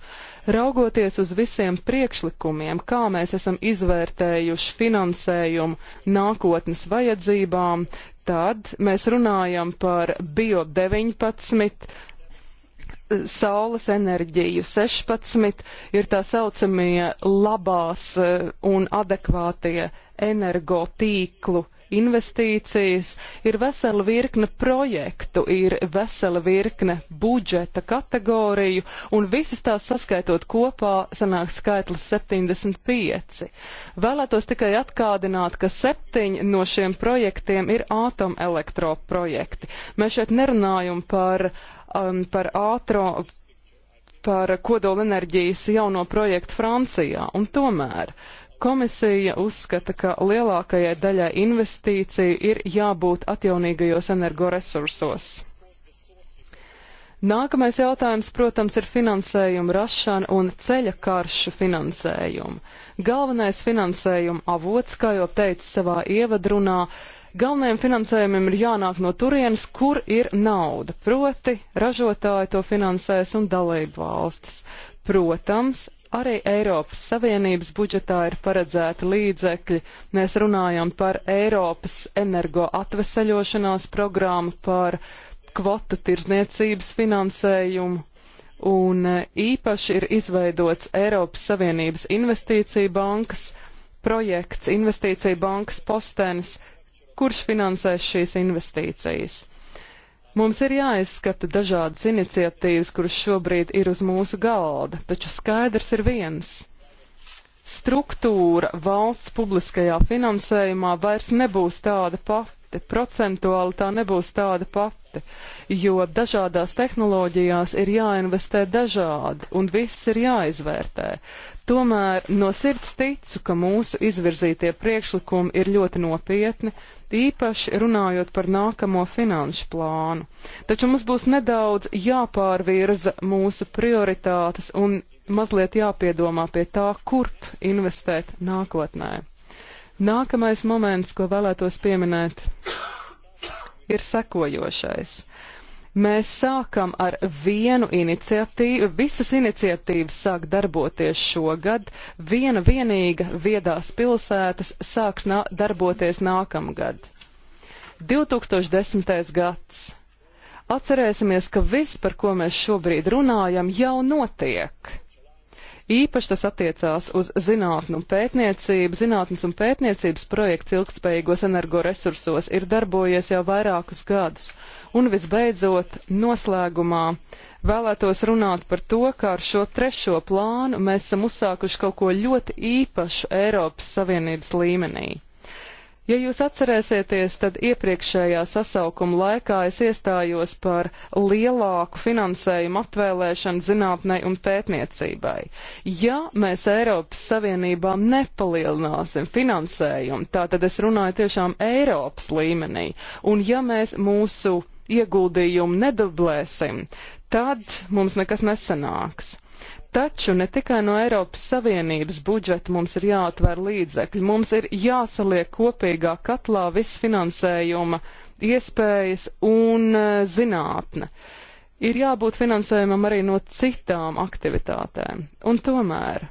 Raugoties uz visiem priekšlikumiem, kā mēs esam izvērtējuši finansējumu nākotnes vajadzībām, tad mēs runājam par bio 19, saules enerģiju. 16 ir tā saucamie labās eh, un adekvātie energotīklu investīcijas, ir vesela virkne projektu, ir vesela virkne budžeta kategoriju, un visas tās saskaitot kopā sanāk skaitlis 75. Vēlētos tikai atkādināt, ka septiņi no šiem projektiem ir ātomelektroprojekti. Mēs šeit nerunājam par um, par ātro, par kodolenerģijas jauno projektu Francijā. Un tomēr komisija uzskata, ka lielākajai daļai investīciju ir jābūt atjaunīgajos energoresursos. Nākamais jautājums, protams, ir finansējuma rašana un ceļa karšu finansējuma. Galvenais finansējuma avots, kā jau teicu savā ievadrunā, uh, Galvenajam finansējumam ir jānāk no turienes, kur ir nauda, proti ražotāji to finansēs un dalību valstis. Protams, arī Eiropas Savienības budžetā ir paredzēti līdzekļi. Mēs runājam par Eiropas energoatveseļošanās programmu, par kvotu tirzniecības finansējumu. Un e, īpaši ir izveidots Eiropas Savienības investīcija bankas projekts, investīcija bankas postenis, kurš finansēs šīs investīcijas. Mums ir jāizskata dažādas iniciatīvas, kuras šobrīd ir uz mūsu galda, taču skaidrs ir viens. Struktūra valsts publiskajā finansējumā vairs nebūs tāda pati, procentuāli tā nebūs tāda pati, jo dažādās tehnoloģijās ir jāinvestē dažādi un viss ir jāizvērtē. Tomēr no sirds ticu, ka mūsu izvirzītie priekšlikumi ir ļoti nopietni īpaši runājot par nākamo finanšu plānu. Taču mums būs nedaudz jāpārvirza mūsu prioritātes un mazliet jāpiedomā pie tā, kurp investēt nākotnē. Nākamais moments, ko vēlētos pieminēt, ir sekojošais. Mēs sākam ar vienu iniciatīvu, visas iniciatīvas sāk darboties šogad, viena vienīga viedās pilsētas sāks nā darboties nākamgad. 2010. gads. Atcerēsimies, ka viss, par ko mēs šobrīd runājam, jau notiek Īpaši tas attiecās uz zinātnu un pētniecību. Zinātnes un pētniecības projekts ilgspējīgos energoresursos ir darbojies jau vairākus gadus. Un visbeidzot, noslēgumā vēlētos runāt par to, ka ar šo trešo plānu mēs esam uzsākuši kaut ko ļoti īpašu Eiropas Savienības līmenī. Ja jūs atcerēsieties, tad iepriekšējā sasaukuma laikā es iestājos par lielāku finansējumu atvēlēšanu zinātnei un pētniecībai. Ja mēs Eiropas Savienībā nepalielināsim finansējumu, tātad es runāju tiešām Eiropas līmenī, un ja mēs mūsu ieguldījumu nedublēsim, tad mums nekas nesanāks. Taču ne tikai no Eiropas Savienības budžeta mums ir jāatver līdzekļi, mums ir jāsaliek kopīgā katlā viss finansējuma iespējas un e, zinātne. Ir jābūt finansējumam arī no citām aktivitātēm. Un tomēr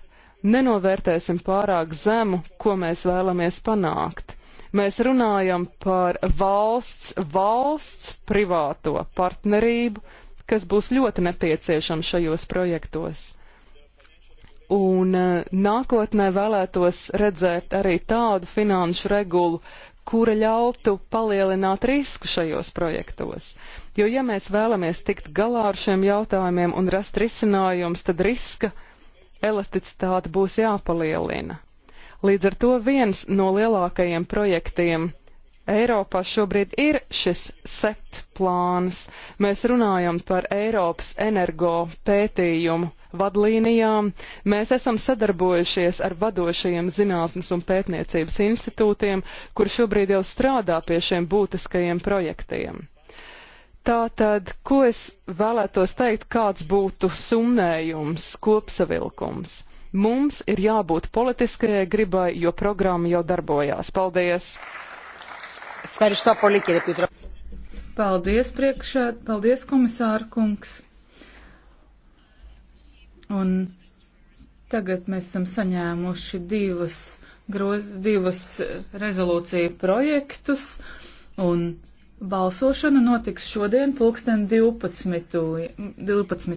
nenovērtēsim pārāk zemu, ko mēs vēlamies panākt. Mēs runājam par valsts, valsts privāto partnerību, kas būs ļoti nepieciešama šajos projektos un eh, nākotnē vēlētos redzēt arī tādu finanšu regulu, kura ļautu palielināt risku šajos projektos. Jo, ja mēs vēlamies tikt galā ar šiem jautājumiem un rast risinājums, tad riska elasticitāte būs jāpalielina. Līdz ar to viens no lielākajiem projektiem Eiropā šobrīd ir šis set plāns. Mēs runājam par Eiropas energo pētījumu vadlīnijām. Mēs esam sadarbojušies ar vadošajiem zinātnes un pētniecības institūtiem, kur šobrīd jau strādā pie šiem būtiskajiem projektiem. Tātad, ko es vēlētos teikt, kāds būtu summējums, kopsavilkums? Mums ir jābūt politiskajai gribai, jo programma jau darbojās. Paldies! Ευχαριστώ πολύ, κύριε Πίτρο. Paldies, priekšē, paldies, komisāra kungs. Un tagad mēs esam saņēmuši divas, groz, divas eh, rezolūciju projektus, un balsošana notiks šodien pulksten 12. 12.